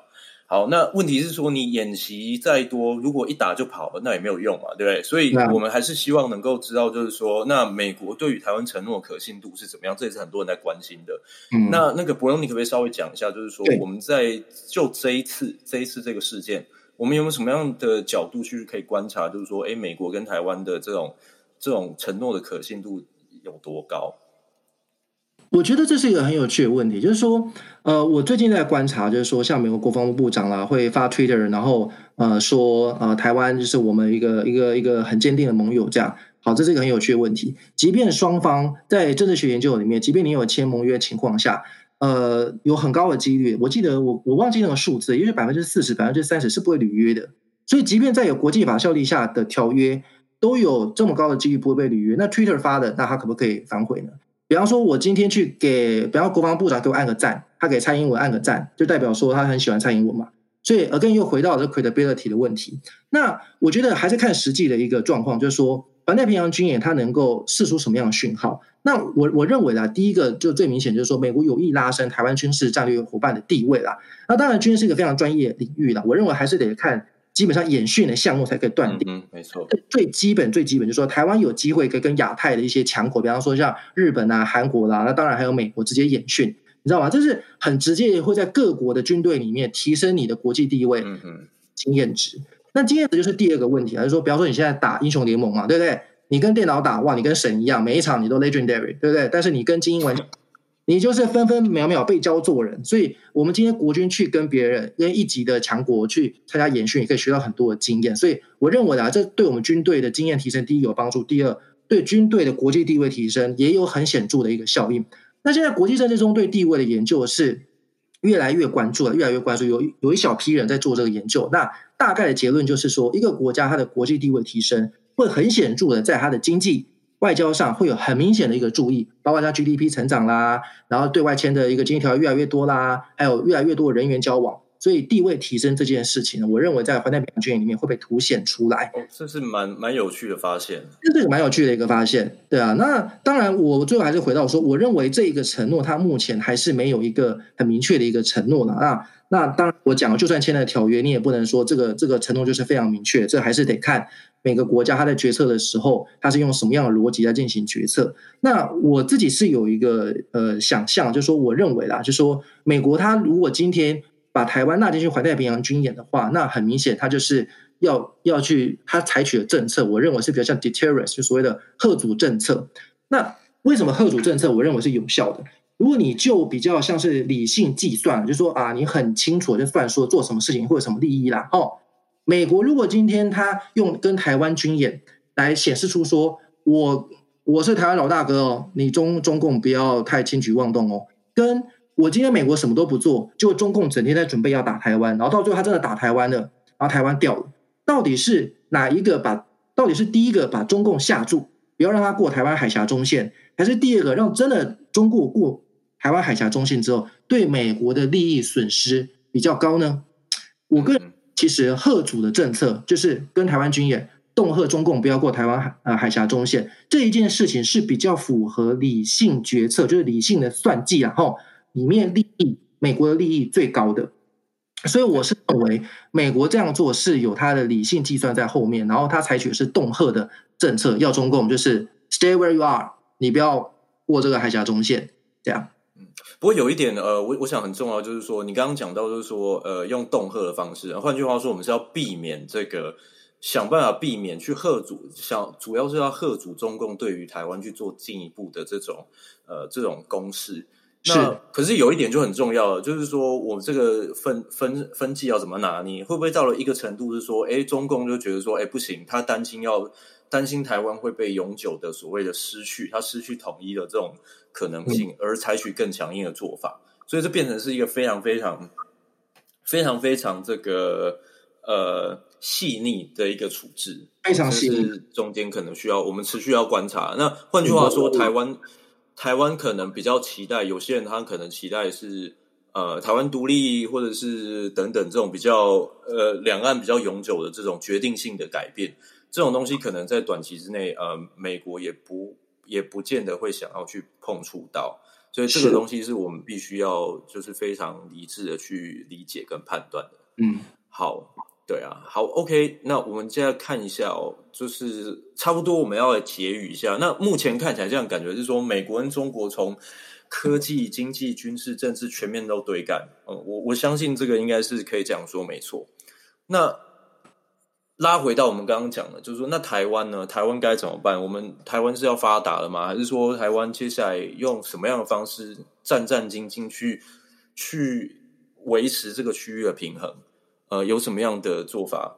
好，那問題是說你演習再多，如果一打就跑了，那也沒有用嘛，對不對？所以我們還是希望能夠知道，就是說，那美國對於台灣承諾的可信度是怎麼樣？這也是很多人在關心的。嗯，那那個伯雍，你可不可以稍微講一下，就是說我們在就這一次這一次這個事件，我們有沒有什麼樣的角度去可以觀察，就是說，誒，美國跟台灣的這種這種承諾的可信度有多高？我覺得這是一個很有趣的問題，就是說，呃，我最近在觀察，就是說，像美國國防部長啦會發 Twitter，然後呃說，呃，台灣就是我們一個一個一個很堅定的盟友，這樣。好，這是一個很有趣的問題。即便雙方在政治學研究裡面，即便你有簽盟約情況下，呃，有很高的幾率，我記得我我忘記那個數字，因為百分之四十、百分之三十是不會履約的。所以，即便在有國際法效力下的條約，都有這麼高的幾率不會被履約。那 Twitter 發的，那他可不可以反悔呢？比方說，我今天去給，比方國防部長給我按個讚，他給蔡英文按個讚，就代表說他很喜歡蔡英文嘛。所以，again 又回到了這 credibility 的問題。那我覺得還是看實際的一個狀況，就是說，環太平洋軍演它能夠釋出什麼樣的訊號？那我我認為啊，第一個就最明顯就是說，美國有意拉升台灣軍事戰略夥伴的地位啦。那當然，軍演是一個非常專業的領域啦，我認為還是得看。基本上演訓的項目才可以斷定。嗯，沒錯。最基本最基本就是說，台灣有機會可以跟亞太的一些強國，比方說像日本啊、韓國啦、啊，那當然還有美國直接演訓，你知道嗎？這是很直接會在各國的軍隊裡面提升你的國際地位，嗯、經驗值。那經驗值就是第二個問題，就是、說，比方說你現在打英雄聯盟嘛，對不對？你跟電腦打哇，你跟神一樣，每一場你都 legendary，對不對？但是你跟精英玩家。你就是分分秒秒被教做人，所以我們今天國軍去跟別人跟一級的強國去參加演訓，也可以學到很多的經驗。所以我認為啊，這對我們軍隊的經驗提升，第一有幫助，第二對軍隊的國際地位提升也有很顯著的一個效應。那現在國際政治中對地位的研究是越來越關注了，越來越關注，有有一小批人在做這個研究。那大概的結論就是說，一個國家它的國際地位提升，會很顯著的在它的經濟。外交上會有很明顯的一個注意，包括像 GDP 成長啦，然後對外簽的一個經濟條約越來越多啦，還有越來越多人員交往。所以地位提升這件事情呢，我認為在環太平洋軍演裡面會被凸顯出來。哦，這是蠻蠻有趣的發現，這是個蠻有趣的一個發現，對啊。那當然，我最後還是回到說，我認為這一個承諾，它目前還是沒有一個很明確的一個承諾了啊。那當然，我講了，就算簽了條約，你也不能說這個這個承諾就是非常明確，這還是得看每個國家它在決策的時候，它是用什麼樣的邏輯在進行決策。那我自己是有一個呃想象，就說我認為啦，就說美國它如果今天把台灣納進去環太平洋軍演的話，那很明顯，他就是要要去他採取的政策，我認為是比較像 deterrence，就所謂的嚇阻政策。那為什麼嚇阻政策我認為是有效的？如果你就比較像是理性計算，就是說啊，你很清楚就算說做什麼事情會有什麼利益啦。哦，美國如果今天他用跟台灣軍演來顯示出說，我我是台灣老大哥哦，你中中共不要太輕舉妄動哦，跟。我今天美國什麼都不做，就中共整天在準備要打台灣，然後到最後他真的打台灣了，然後台灣掉了。到底是哪一個把？到底是第一個把中共嚇住，不要讓他過台灣海峽中線，還是第二個讓真的中共過台灣海峽中線之後，對美國的利益損失比較高呢？我個人其實嚇阻的政策就是跟台灣軍演，恫嚇中共不要過台灣海海峽中線這一件事情是比較符合理性決策，就是理性的算計啊，吼。裡面利益，美國的利益最高的，所以我是認為美國這樣做是有它的理性計算在後面，然後它採取的是恫嚇的政策，要中共就是 stay where you are，你不要過這個海峽中線，這樣。嗯，不過有一點，呃，我我想很重要就是說，你剛剛講到就是說，呃，用恫嚇的方式，換句話說，我們是要避免這個，想辦法避免去嚇阻，想主要是要嚇阻中共對於台灣去做進一步的這種，呃，這種攻勢。那是可是有一點就很重要了，就是說我這個分分分界要怎麼拿捏？你會不會到了一個程度是說，哎，中共就覺得說，哎，不行，他擔心要擔心台灣會被永久的所謂的失去，他失去統一的這種可能性，嗯，而採取更強硬的做法。所以這變成是一個非常非常非常非常這個呃細膩的一個處置，非常、就是中間可能需要我們持續要觀察。那換句話說，嗯嗯嗯、台灣。台灣可能比較期待，有些人他可能期待是，呃，台灣獨立或者是等等這種比較呃兩岸比較永久的這種決定性的改變，這種東西可能在短期之內，呃，美國也不也不見得會想要去碰觸到，所以這個東西是我們必須要就是非常理智的去理解跟判斷的。嗯，好。對啊，好，OK，那我們現在看一下哦，就是差不多我們要來結語一下。那目前看起來這樣感覺是說，美國跟中國從科技、經濟、軍事、政治全面都對幹。嗯，我我相信這個應該是可以這樣說，沒錯。那拉回到我們剛剛講的，就是說，那台灣呢？台灣該怎麼辦？我們台灣是要發達了嗎？還是說，台灣接下來用什麼樣的方式戰戰兢兢去去維持這個區域的平衡？呃，有什麼樣的做法？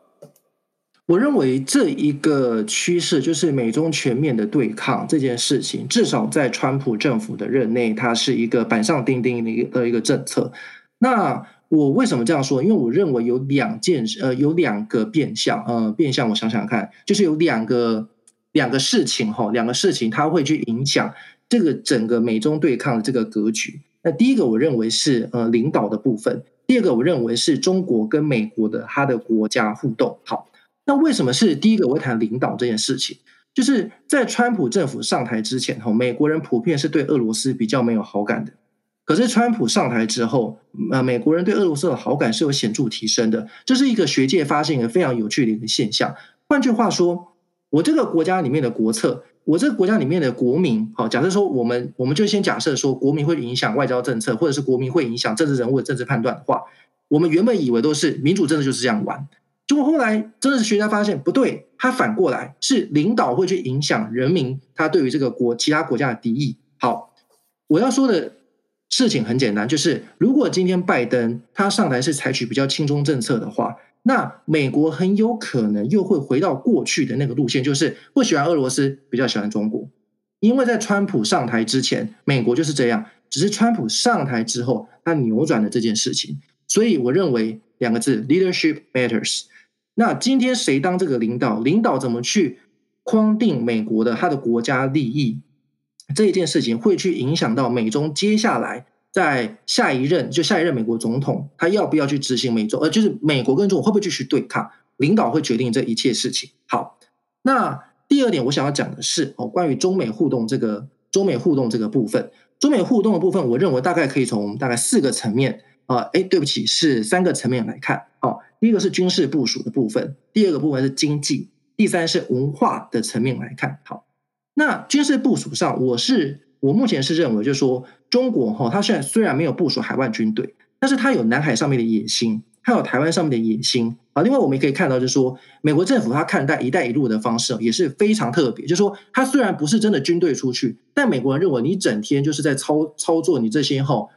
我認為這一個趨勢就是美中全面的對抗這件事情，至少在川普政府的任內，它是一個板上釘釘的一個一個政策。那我為什麼這樣說？因為我認為有兩件事，呃，有兩個變相，呃，變相，我想想看，就是有兩個兩個事情哈，兩個事情它會去影響這個整個美中對抗的這個格局。那第一個，我認為是呃，領導的部分。第二個，我認為是中國跟美國的他的國家互動。好，那為什麼是第一個？我會談領導這件事情，就是在川普政府上台之前，美國人普遍是對俄羅斯比較沒有好感的。可是川普上台之後，呃，美國人對俄羅斯的好感是有顯著提升的。這是一個學界發現一個非常有趣的一個現象。換句話說，我這個國家裡面的國策。我這個國家裡面的國民，好，假設說我們，我們就先假設說國民會影響外交政策，或者是國民會影響政治人物的政治判斷的話，我們原本以為都是民主政治就是這樣玩。結果後來真的是學家發現不對，他反過來是領導會去影響人民他對於這個國其他國家的敵意。好，我要說的事情很簡單，就是如果今天拜登他上台是採取比較親中政策的話。那美國很有可能又會回到過去的那個路線，就是不喜歡俄羅斯，比較喜歡中國，因為在川普上台之前，美國就是這樣。只是川普上台之後，他扭轉了這件事情。所以我認為兩個字：Leadership matters。那今天誰當這個領導，領導怎麼去框定美國的他的國家利益這一件事情，會去影響到美中接下來。在下一任就下一任美國總統，他要不要去執行美中？呃，就是美國跟中國會不會繼續對抗？領導會決定這一切事情。好，那第二點我想要講的是哦，關於中美互動這個中美互動這個部分，中美互動的部分，我認為大概可以從大概四個層面啊，誒、呃欸，對不起，是三個層面來看。好、哦，第一個是軍事部署的部分，第二個部分是經濟，第三是文化的層面來看。好，那軍事部署上，我是我目前是認為就是說。中國哈，它現在雖然沒有部署海外軍隊，但是它有南海上面的野心，它有台灣上面的野心啊。另外，我們也可以看到，就是說，美國政府它看待“一帶一路”的方式也是非常特別。就是說，它雖然不是真的軍隊出去，但美國人認為你整天就是在操操作你這些哈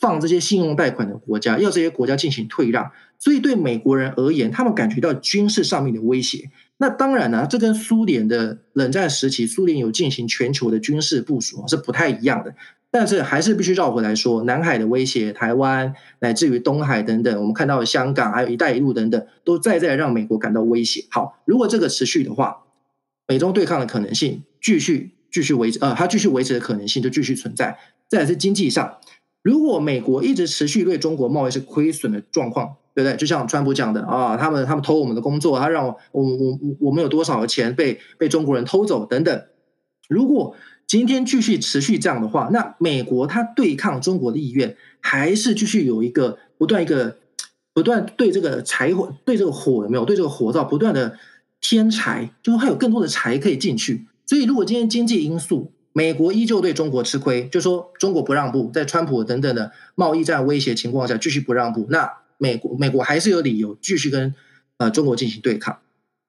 放這些信用貸款的國家，要這些國家進行退讓，所以對美國人而言，他們感覺到軍事上面的威脅。那當然呢啊，這跟蘇聯的冷戰時期，蘇聯有進行全球的軍事部署是不太一樣的。但是還是必須繞回來說，南海的威脅、台灣乃至於東海等等，我們看到的香港，還有一帶一路等等，都再再讓美國感到威脅。好，如果這個持續的話，美中對抗的可能性繼續繼續維，呃，它繼續維持的可能性就繼續存在。再來是經濟上，如果美國一直持續對中國貿易是虧損的狀況，對不對？就像川普講的啊，他們他們偷我們的工作，他讓我我我我們有多少的錢被被中國人偷走等等。如果今天繼續持續這樣的話，那美國它對抗中國的意願還是繼續有一個不斷一個不斷對這個柴火，對這個火，有沒有對這個火灶不斷的添柴，就是還有更多的柴可以進去。所以如果今天經濟因素，美國依舊對中國吃虧，就是說中國不讓步，在川普等等的貿易戰威脅情況下繼續不讓步，那美國美國還是有理由繼續跟呃中國進行對抗。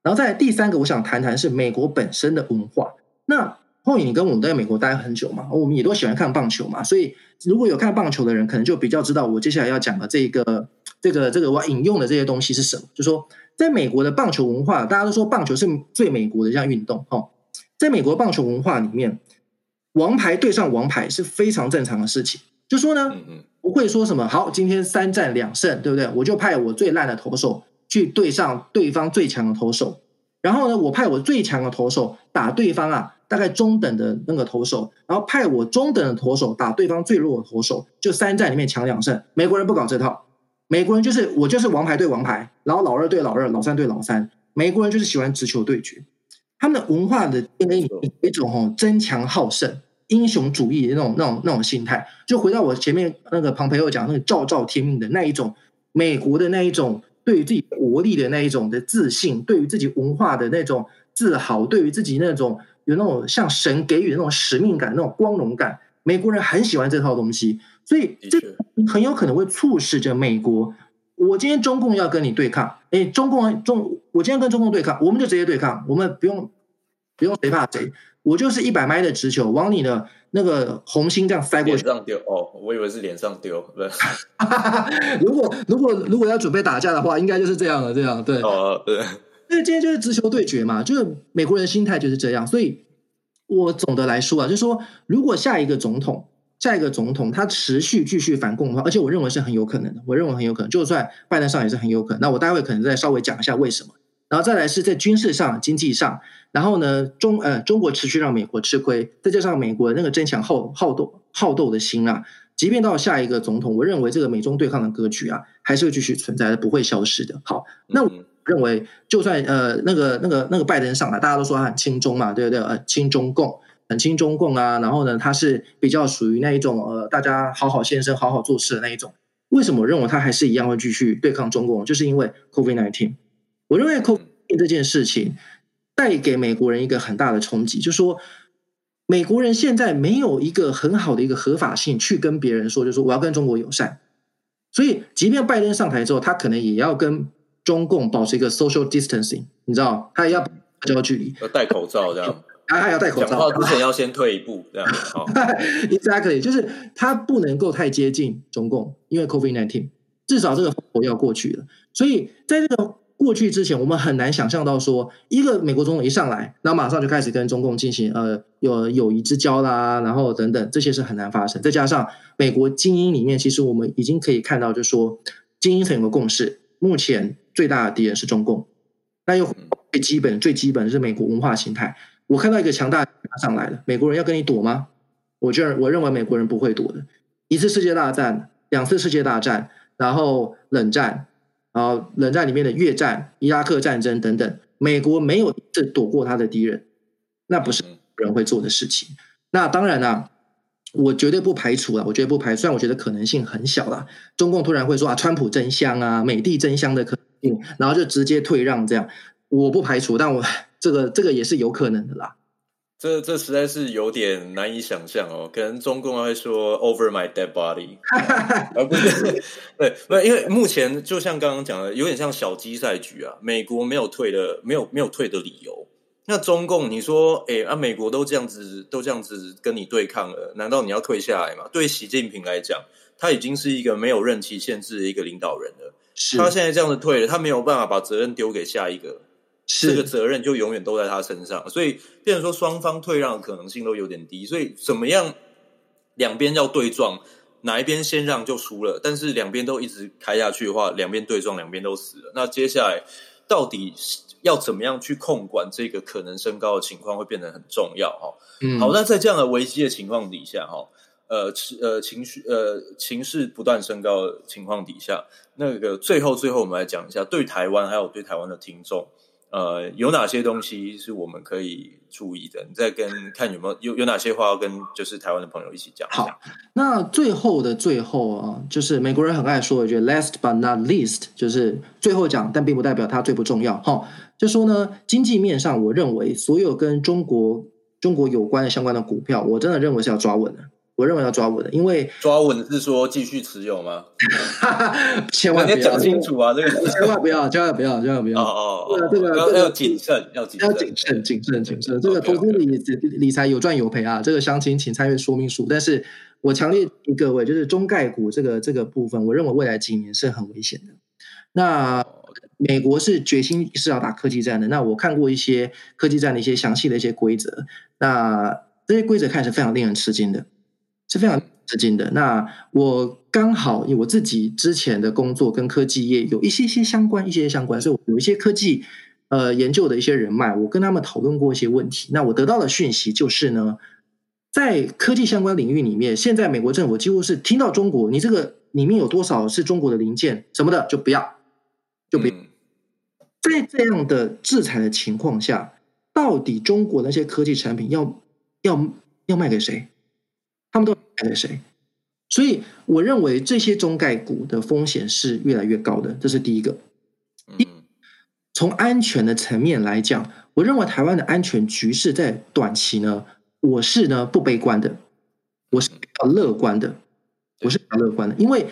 然後在第三個，我想談談是美國本身的文化，那，後影跟我們在美國待很久嘛，我們也都喜歡看棒球嘛，所以如果有看棒球的人，可能就比較知道我接下來要講的這個、這個、這個我引用的這些東西是什麼。就是說在美國的棒球文化，大家都說棒球是最美國的一項運動。哦。在美國棒球文化裡面，王牌對上王牌是非常正常的事情。就是說呢，不會說什麼好，今天三戰兩勝，對不對？我就派我最爛的投手去對上對方最強的投手，然後呢，我派我最強的投手打對方啊。大概中等的那個投手，然後派我中等的投手打對方最弱的投手，就三戰裡面搶兩勝。美國人不搞這套，美國人就是我就是王牌對王牌，然後老二對老二，老三對老三。美國人就是喜歡直球對決，他們的文化的因一種吼、哦、爭強好勝、英雄主義的那種那種那種，那種心態。就回到我前面那個龐培歐講那個“昭昭天命”的那一種，美國的那一種對於自己國力的那一種的自信，對於自己文化的那種自豪，對於自己那種。有那種像神給予的那種使命感、那種光榮感，美國人很喜歡這套東西，所以這很有可能會促使着美國。我今天中共要跟你對抗，哎，中共中，我今天跟中共對抗，我們就直接對抗，我們不用不用誰怕誰，我就是一百邁的直球往你的那個紅心這樣塞過去，臉上丟哦，我以為是臉上丟，對。 如果如果如果要準備打架的話，應該就是這樣的，這樣對。哦對。那今天就是直球對決嘛，就是美國人心態就是這樣，所以我總的來說啊，就是說如果下一個總統，下一個總統他持續繼續反共的話，而且我認為是很有可能的，我認為很有可能，就算拜登上也是很有可能。那我待會可能再稍微講一下為什麼，然後再來是在軍事上、經濟上，然後呢，中呃中國持續讓美國吃虧，再加上美國那個爭強好好鬥好鬥的心啊，即便到下一個總統，我認為這個美中對抗的格局啊，還是會繼續存在的，不會消失的。好，那我，認為，就算呃，那個那個那個拜登上來，大家都說他很親中嘛，對不對？呃，親中共，很親中共啊。然後呢，他是比較屬於那一種呃，大家好好先生、好好做事的那一種。為什麼我認為他還是一樣會繼續對抗中共？就是因為 COVID nineteen。我認為 COVID 這件事情帶給美國人一個很大的衝擊，就是說，美國人現在沒有一個很好的一個合法性去跟別人說，就是我要跟中國友善。所以，即便拜登上台之後，他可能也要跟。中共保持一個 social distancing，你知道，他要交距離，要戴口罩這樣，他還要戴口罩。講話之前要先退一步，這樣。 exactly 就是他不能夠太接近中共，因為 COVID-19，至少這個風頭要過去了。所以在這個過去之前，我們很難想象到說，一個美國總統一上來，那馬上就開始跟中共進行呃有友誼之交啦，然後等等這些是很難發生。再加上美國精英裡面，其實我們已經可以看到，就是說精英層有個共識，目前。最大的敵人是中共，那又最基本、最基本的是美國文化形態。我看到一個強大的敵人上來了，美國人要跟你躲嗎？我認我認為美國人不會躲的。一次世界大戰，兩次世界大戰，然後冷戰，然後冷戰裡面的越戰、伊拉克戰爭等等，美國沒有一次躲過他的敵人，那不是人會做的事情。那當然啦、啊。我絕對不排除了，我絕對不排除。雖然我覺得可能性很小了，中共突然會說啊，川普真香啊，美帝真香的可能性，然後就直接退讓這樣，我不排除。但我這個這個也是有可能的啦。這這實在是有點難以想象哦，可能中共會說 over my dead body，而、 啊、不是對，不，因為目前就像剛剛講的，有點像小雞賽局啊，美國沒有退的沒有沒有退的理由。那中共，你說，誒、欸、啊，美國都這樣子，都這樣子跟你對抗了，難道你要退下來嗎？對習近平來講，他已經是一個沒有任期限制的一個領導人了。他現在這樣子退了，他沒有辦法把責任丟給下一個。是。這個責任就永遠都在他身上。所以，變成說雙方退讓的可能性都有點低。所以，怎麼樣，兩邊要對撞，哪一邊先讓就輸了。但是，兩邊都一直開下去的話，兩邊對撞，兩邊都死了。那接下來。到底要怎麼樣去控管這個可能升高的情況會變得很重要哈，嗯。好，那在這樣的危機的情況底下哈，呃，呃，情緒，呃，情緒不斷升高的情況底下，那個最後最後我們來講一下對台灣還有對台灣的聽眾。呃，有哪些東西是我們可以注意的？你再跟看有沒有有有哪些話要跟就是台灣的朋友一起講？好，那最後的最後啊，就是美國人很愛說一句 last but not least 就是最後講，但並不代表它最不重要。哈，就說呢，經濟面上，我認為所有跟中國中國有關的相關的股票，我真的認為是要抓穩的。我認為要抓穩的，因為抓穩是說繼續持有嗎？哈哈，千萬不要講、嗯、清楚啊！這個千萬不要，千萬不要，千萬不要！哦哦哦，哦，哦！這個要謹慎，要謹慎，謹慎，謹慎！這個投資理理財有賺有賠啊！這個詳情請參閱說明書。但是我強烈建議各位，就是中概股這個這個部分，我認為未來幾年是很危險的。那美國是決心是要打科技戰的。那我看過一些科技戰的一些詳細的一些規則，那這些規則看是非常令人吃驚的。是非常吃驚的。那我剛好，我自己之前的工作跟科技業有一些些相關，一些些相關，所以我有一些科技呃研究的一些人脈，我跟他們討論過一些問題。那我得到的訊息就是呢，在科技相關領域裡面，現在美國政府幾乎是聽到中國，你這個裡面有多少是中國的零件什麼的就不要，就不要。在這樣的制裁的情況下，到底中國那些科技產品要要要賣給誰？他們都挨着誰？所以我認為這些中概股的風險是越來越高的，這是第一個。第一，從安全的層面來講，我認為台灣的安全局勢在短期呢，我是呢不悲觀的，我是比較樂觀的，我是比較樂觀的，因為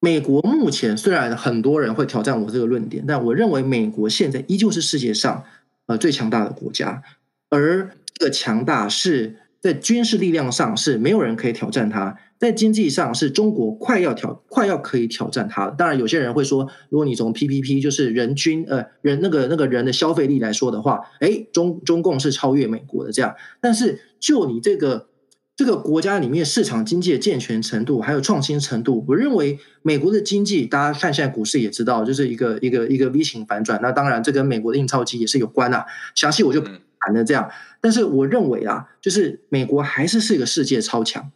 美國目前雖然很多人會挑戰我這個論點，但我認為美國現在依舊是世界上呃最強大的國家，而這個強大是。在軍事力量上是沒有人可以挑戰它，在經濟上是中國快要挑快要可以挑戰它。當然，有些人會說，如果你從 PPP 就是人均呃人那個那個人的消費力來說的話，哎，中中共是超越美國的這樣。但是就你這個這個國家裡面市場經濟的健全程度還有創新程度，我認為美國的經濟大家看現在股市也知道，就是一個一個一個 V 型反轉。那當然，這跟美國的印鈔機也是有關啊。詳細我就、嗯。談的這樣，但是我認為啊，就是美國還是是一個世界超強，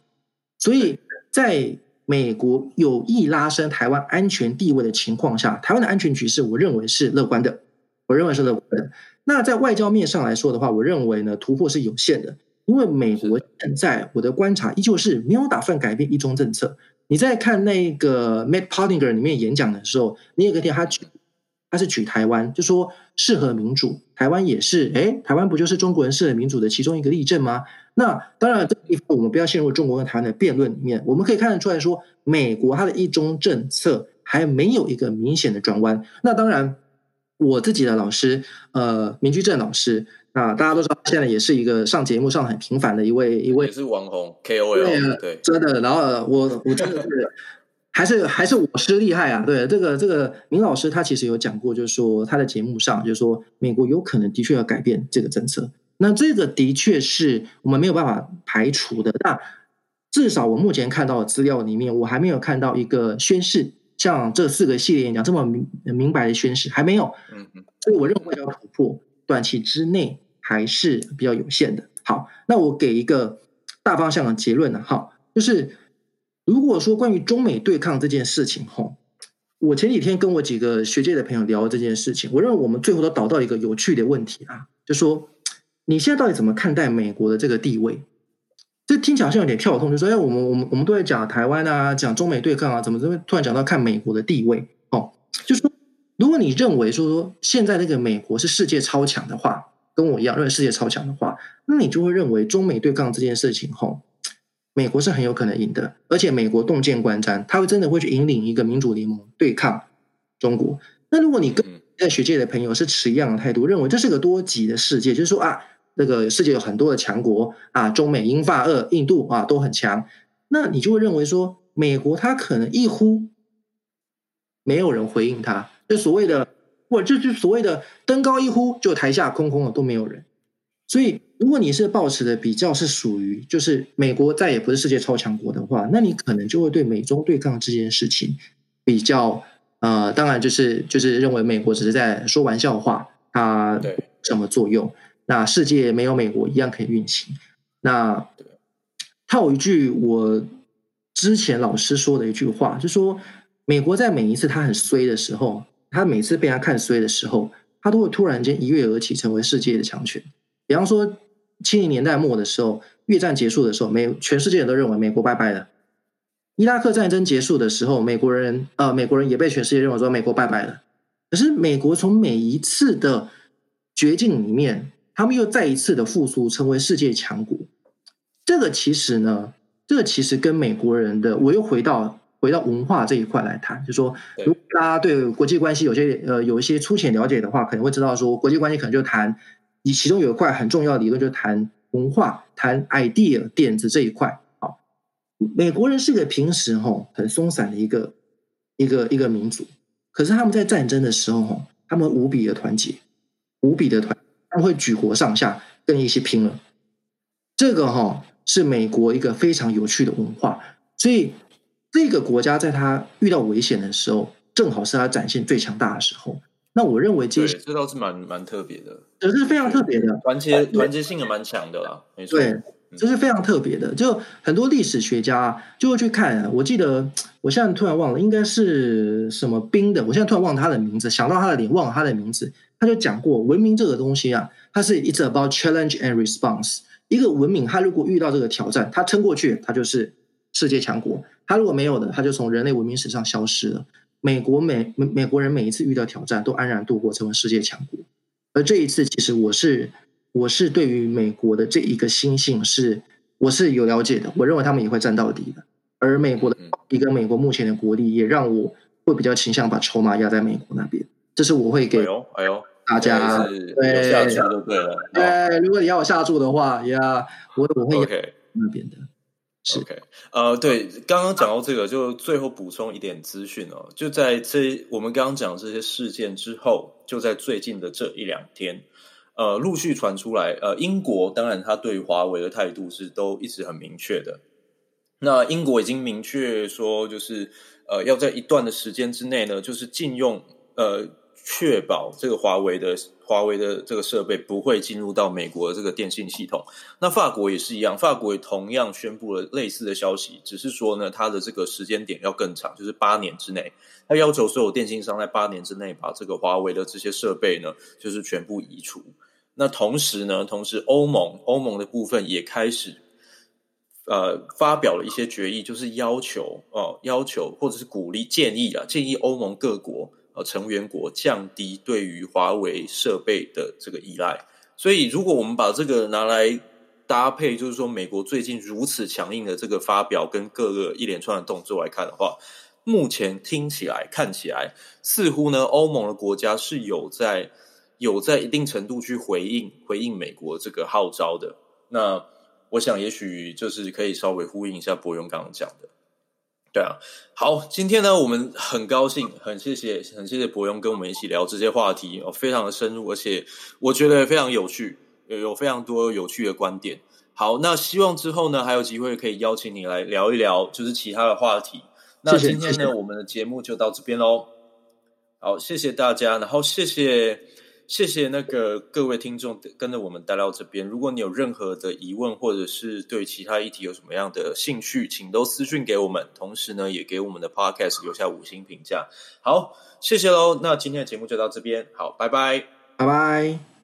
所以在美國有意拉升台灣安全地位的情況下，台灣的安全局勢，我認為是樂觀的。我認為是樂觀的。那在外交面上來說的話，我認為呢，突破是有限的，因為美國現在我的觀察依舊是沒有打算改變一中政策。你在看那個 Matt Pottinger 裡面演講的時候，你也可以聽他，他是舉台灣，就說適合民主，台灣也是，哎、欸，台灣不就是中國人適合民主的其中一個例證嗎？那當然，這個地方我們不要陷入中國和台灣的辯論裡面。我們可以看得出來說，美國它的一中政策還沒有一個明顯的轉彎。那當然，我自己的老師，呃，明居正老師啊，那大家都知道，現在也是一個上節目上很頻繁的一位，一位也是網紅 KOL，對、啊，真的。然後我，我真的是。 還是還是我師厲害啊！對，這個這個明老師，他其實有講過，就是說他的節目上，就是說美國有可能的確要改變這個政策，那這個的確是我們沒有辦法排除的。那至少我目前看到的資料裡面，我還沒有看到一個宣示，像這四個系列演講這麼明明白的宣示還沒有。嗯嗯，所以我認為要突破，短期之內還是比較有限的。好，那我給一個大方向的結論呢，哈，就是。如果說關於中美對抗這件事情，吼，我前幾天跟我幾個學界的朋友聊這件事情，我認為我們最後都導到一個有趣的問題啊，就說你現在到底怎麼看待美國的這個地位？這聽起來好像有點跳動，就說，哎，我們我們我們都在講台灣啊，講中美對抗啊，怎麼怎麼，突然講到看美國的地位，哦，就說如果你認為說說現在那個美國是世界超強的話，跟我一樣認為世界超強的話，那你就會認為中美對抗這件事情，吼。美國是很有可能贏的，而且美國動見觀瞻，他會真的會去引領一個民主聯盟對抗中國。那如果你跟在學界的朋友是持一樣的態度，認為這是個多極的世界，就是說啊，那個世界有很多的強國啊，中美英法俄、印度啊都很強，那你就會認為說，美國他可能一呼沒有人回應他，就所謂的哇，或者就是所謂的登高一呼就台下空空的都沒有人。所以，如果你是抱持的比較是屬於，就是美國再也不是世界超強國的話，那你可能就會對美中對抗這件事情比較，呃，當然就是就是認為美國只是在說玩笑話，它什麼作用？那世界沒有美國一樣可以運行。那他有一句我之前老師說的一句話，就是說美國在每一次他很衰的時候，他每次被他看衰的時候，他都會突然間一躍而起，成為世界的強權。比方說，七零年代末的時候，越戰結束的時候，美全世界人都認為美國拜拜了。伊拉克戰爭結束的時候，美國人呃，美國人也被全世界認為說美國拜拜了。可是美國從每一次的絕境裡面，他們又再一次的復甦，成為世界強國。這個其實呢，這個其實跟美國人的，我又回到回到文化這一塊來談，就是說，如果大家對國際關係有些呃有一些粗淺了解的話，可能會知道說，國際關係可能就談。你其中有一塊很重要的理論，就是談文化、談 idea、點子這一塊。好，美國人是一個平時吼很鬆散的一個一個一個民族，可是他們在戰爭的時候吼，他們無比的團結，無比的團結，他們會舉國上下跟一些拼了。這個哈是美國一個非常有趣的文化，所以這個國家在他遇到危險的時候，正好是他展現最強大的時候。那我認為這是，這這倒是蠻蠻特別的，對，這是非常特別的，團結團結性也蠻強的啦。對，沒錯、嗯，這是非常特別的。就很多歷史學家、啊、就會去看、啊，我記得我現在突然忘了，應該是什麼兵的，我現在突然忘了他的名字，想到他的臉，忘了他的名字。他就講過，文明這個東西啊，它是 it's about challenge and response。一個文明，它如果遇到這個挑戰，它撐過去，它就是世界強國；它如果沒有的，它就從人類文明史上消失了。美國每美美國人每一次遇到挑戰都安然度過，成為世界強國。而這一次，其實我是我是對於美國的這一個心性是我是有了解的，我認為他們也會站到底的。而美國的一個、嗯、美國目前的國力也讓我會比較傾向把籌碼押在美國那邊。這是我會給哎呦大家、哎、對，對，如果你要我下注的話，呀、Yeah，我我會那邊的。是，okay，呃，對，剛剛講到這個，就最後補充一點資訊哦，就在這我們剛剛講這些事件之後，就在最近的這一兩天，呃，陸續傳出來，呃，英國當然他對華為的態度是都一直很明確的，那英國已經明確說，就是呃，要在一段的時間之內呢，就是禁用，呃。確保這個華為的華為的這個設備不會進入到美國的這個電信系統。那法國也是一樣，法國也同樣宣布了類似的消息，只是說呢，它的這個時間點要更長，就是八年之內。它要求所有電信商在八年之內把這個華為的這些設備呢，就是全部移除。那同時呢，同時歐盟，歐盟的部分也開始，呃，發表了一些決議，就是要求，哦，要求，或者是鼓勵，建議啊，建議歐盟各國。呃，成員國降低對於華為設備的這個依賴，所以如果我們把這個拿來搭配，就是說美國最近如此強硬的這個發表跟各個一連串的動作來看的話，目前聽起來看起來似乎呢，歐盟的國家是有在有在一定程度去回應回應美國這個號召的。那我想也許就是可以稍微呼應一下伯雍剛剛講的。對啊，好，今天呢，我們很高興，很謝謝，很謝謝伯雍跟我們一起聊這些話題，哦，非常的深入，而且我覺得非常有趣有，有非常多有趣的觀點。好，那希望之後呢，還有機會可以邀請你來聊一聊，就是其他的話題。謝謝。那今天呢，謝謝，我們的節目就到這邊嘍。好，謝謝大家，然後謝謝。謝謝那個各位聽眾跟着我們帶到這邊。如果你有任何的疑問，或者是對其他議題有什麼樣的興趣，請都私訊給我們。同時呢，也給我們的 podcast 留下五星評價。好，謝謝嘍。那今天的節目就到這邊。好，拜拜，拜拜。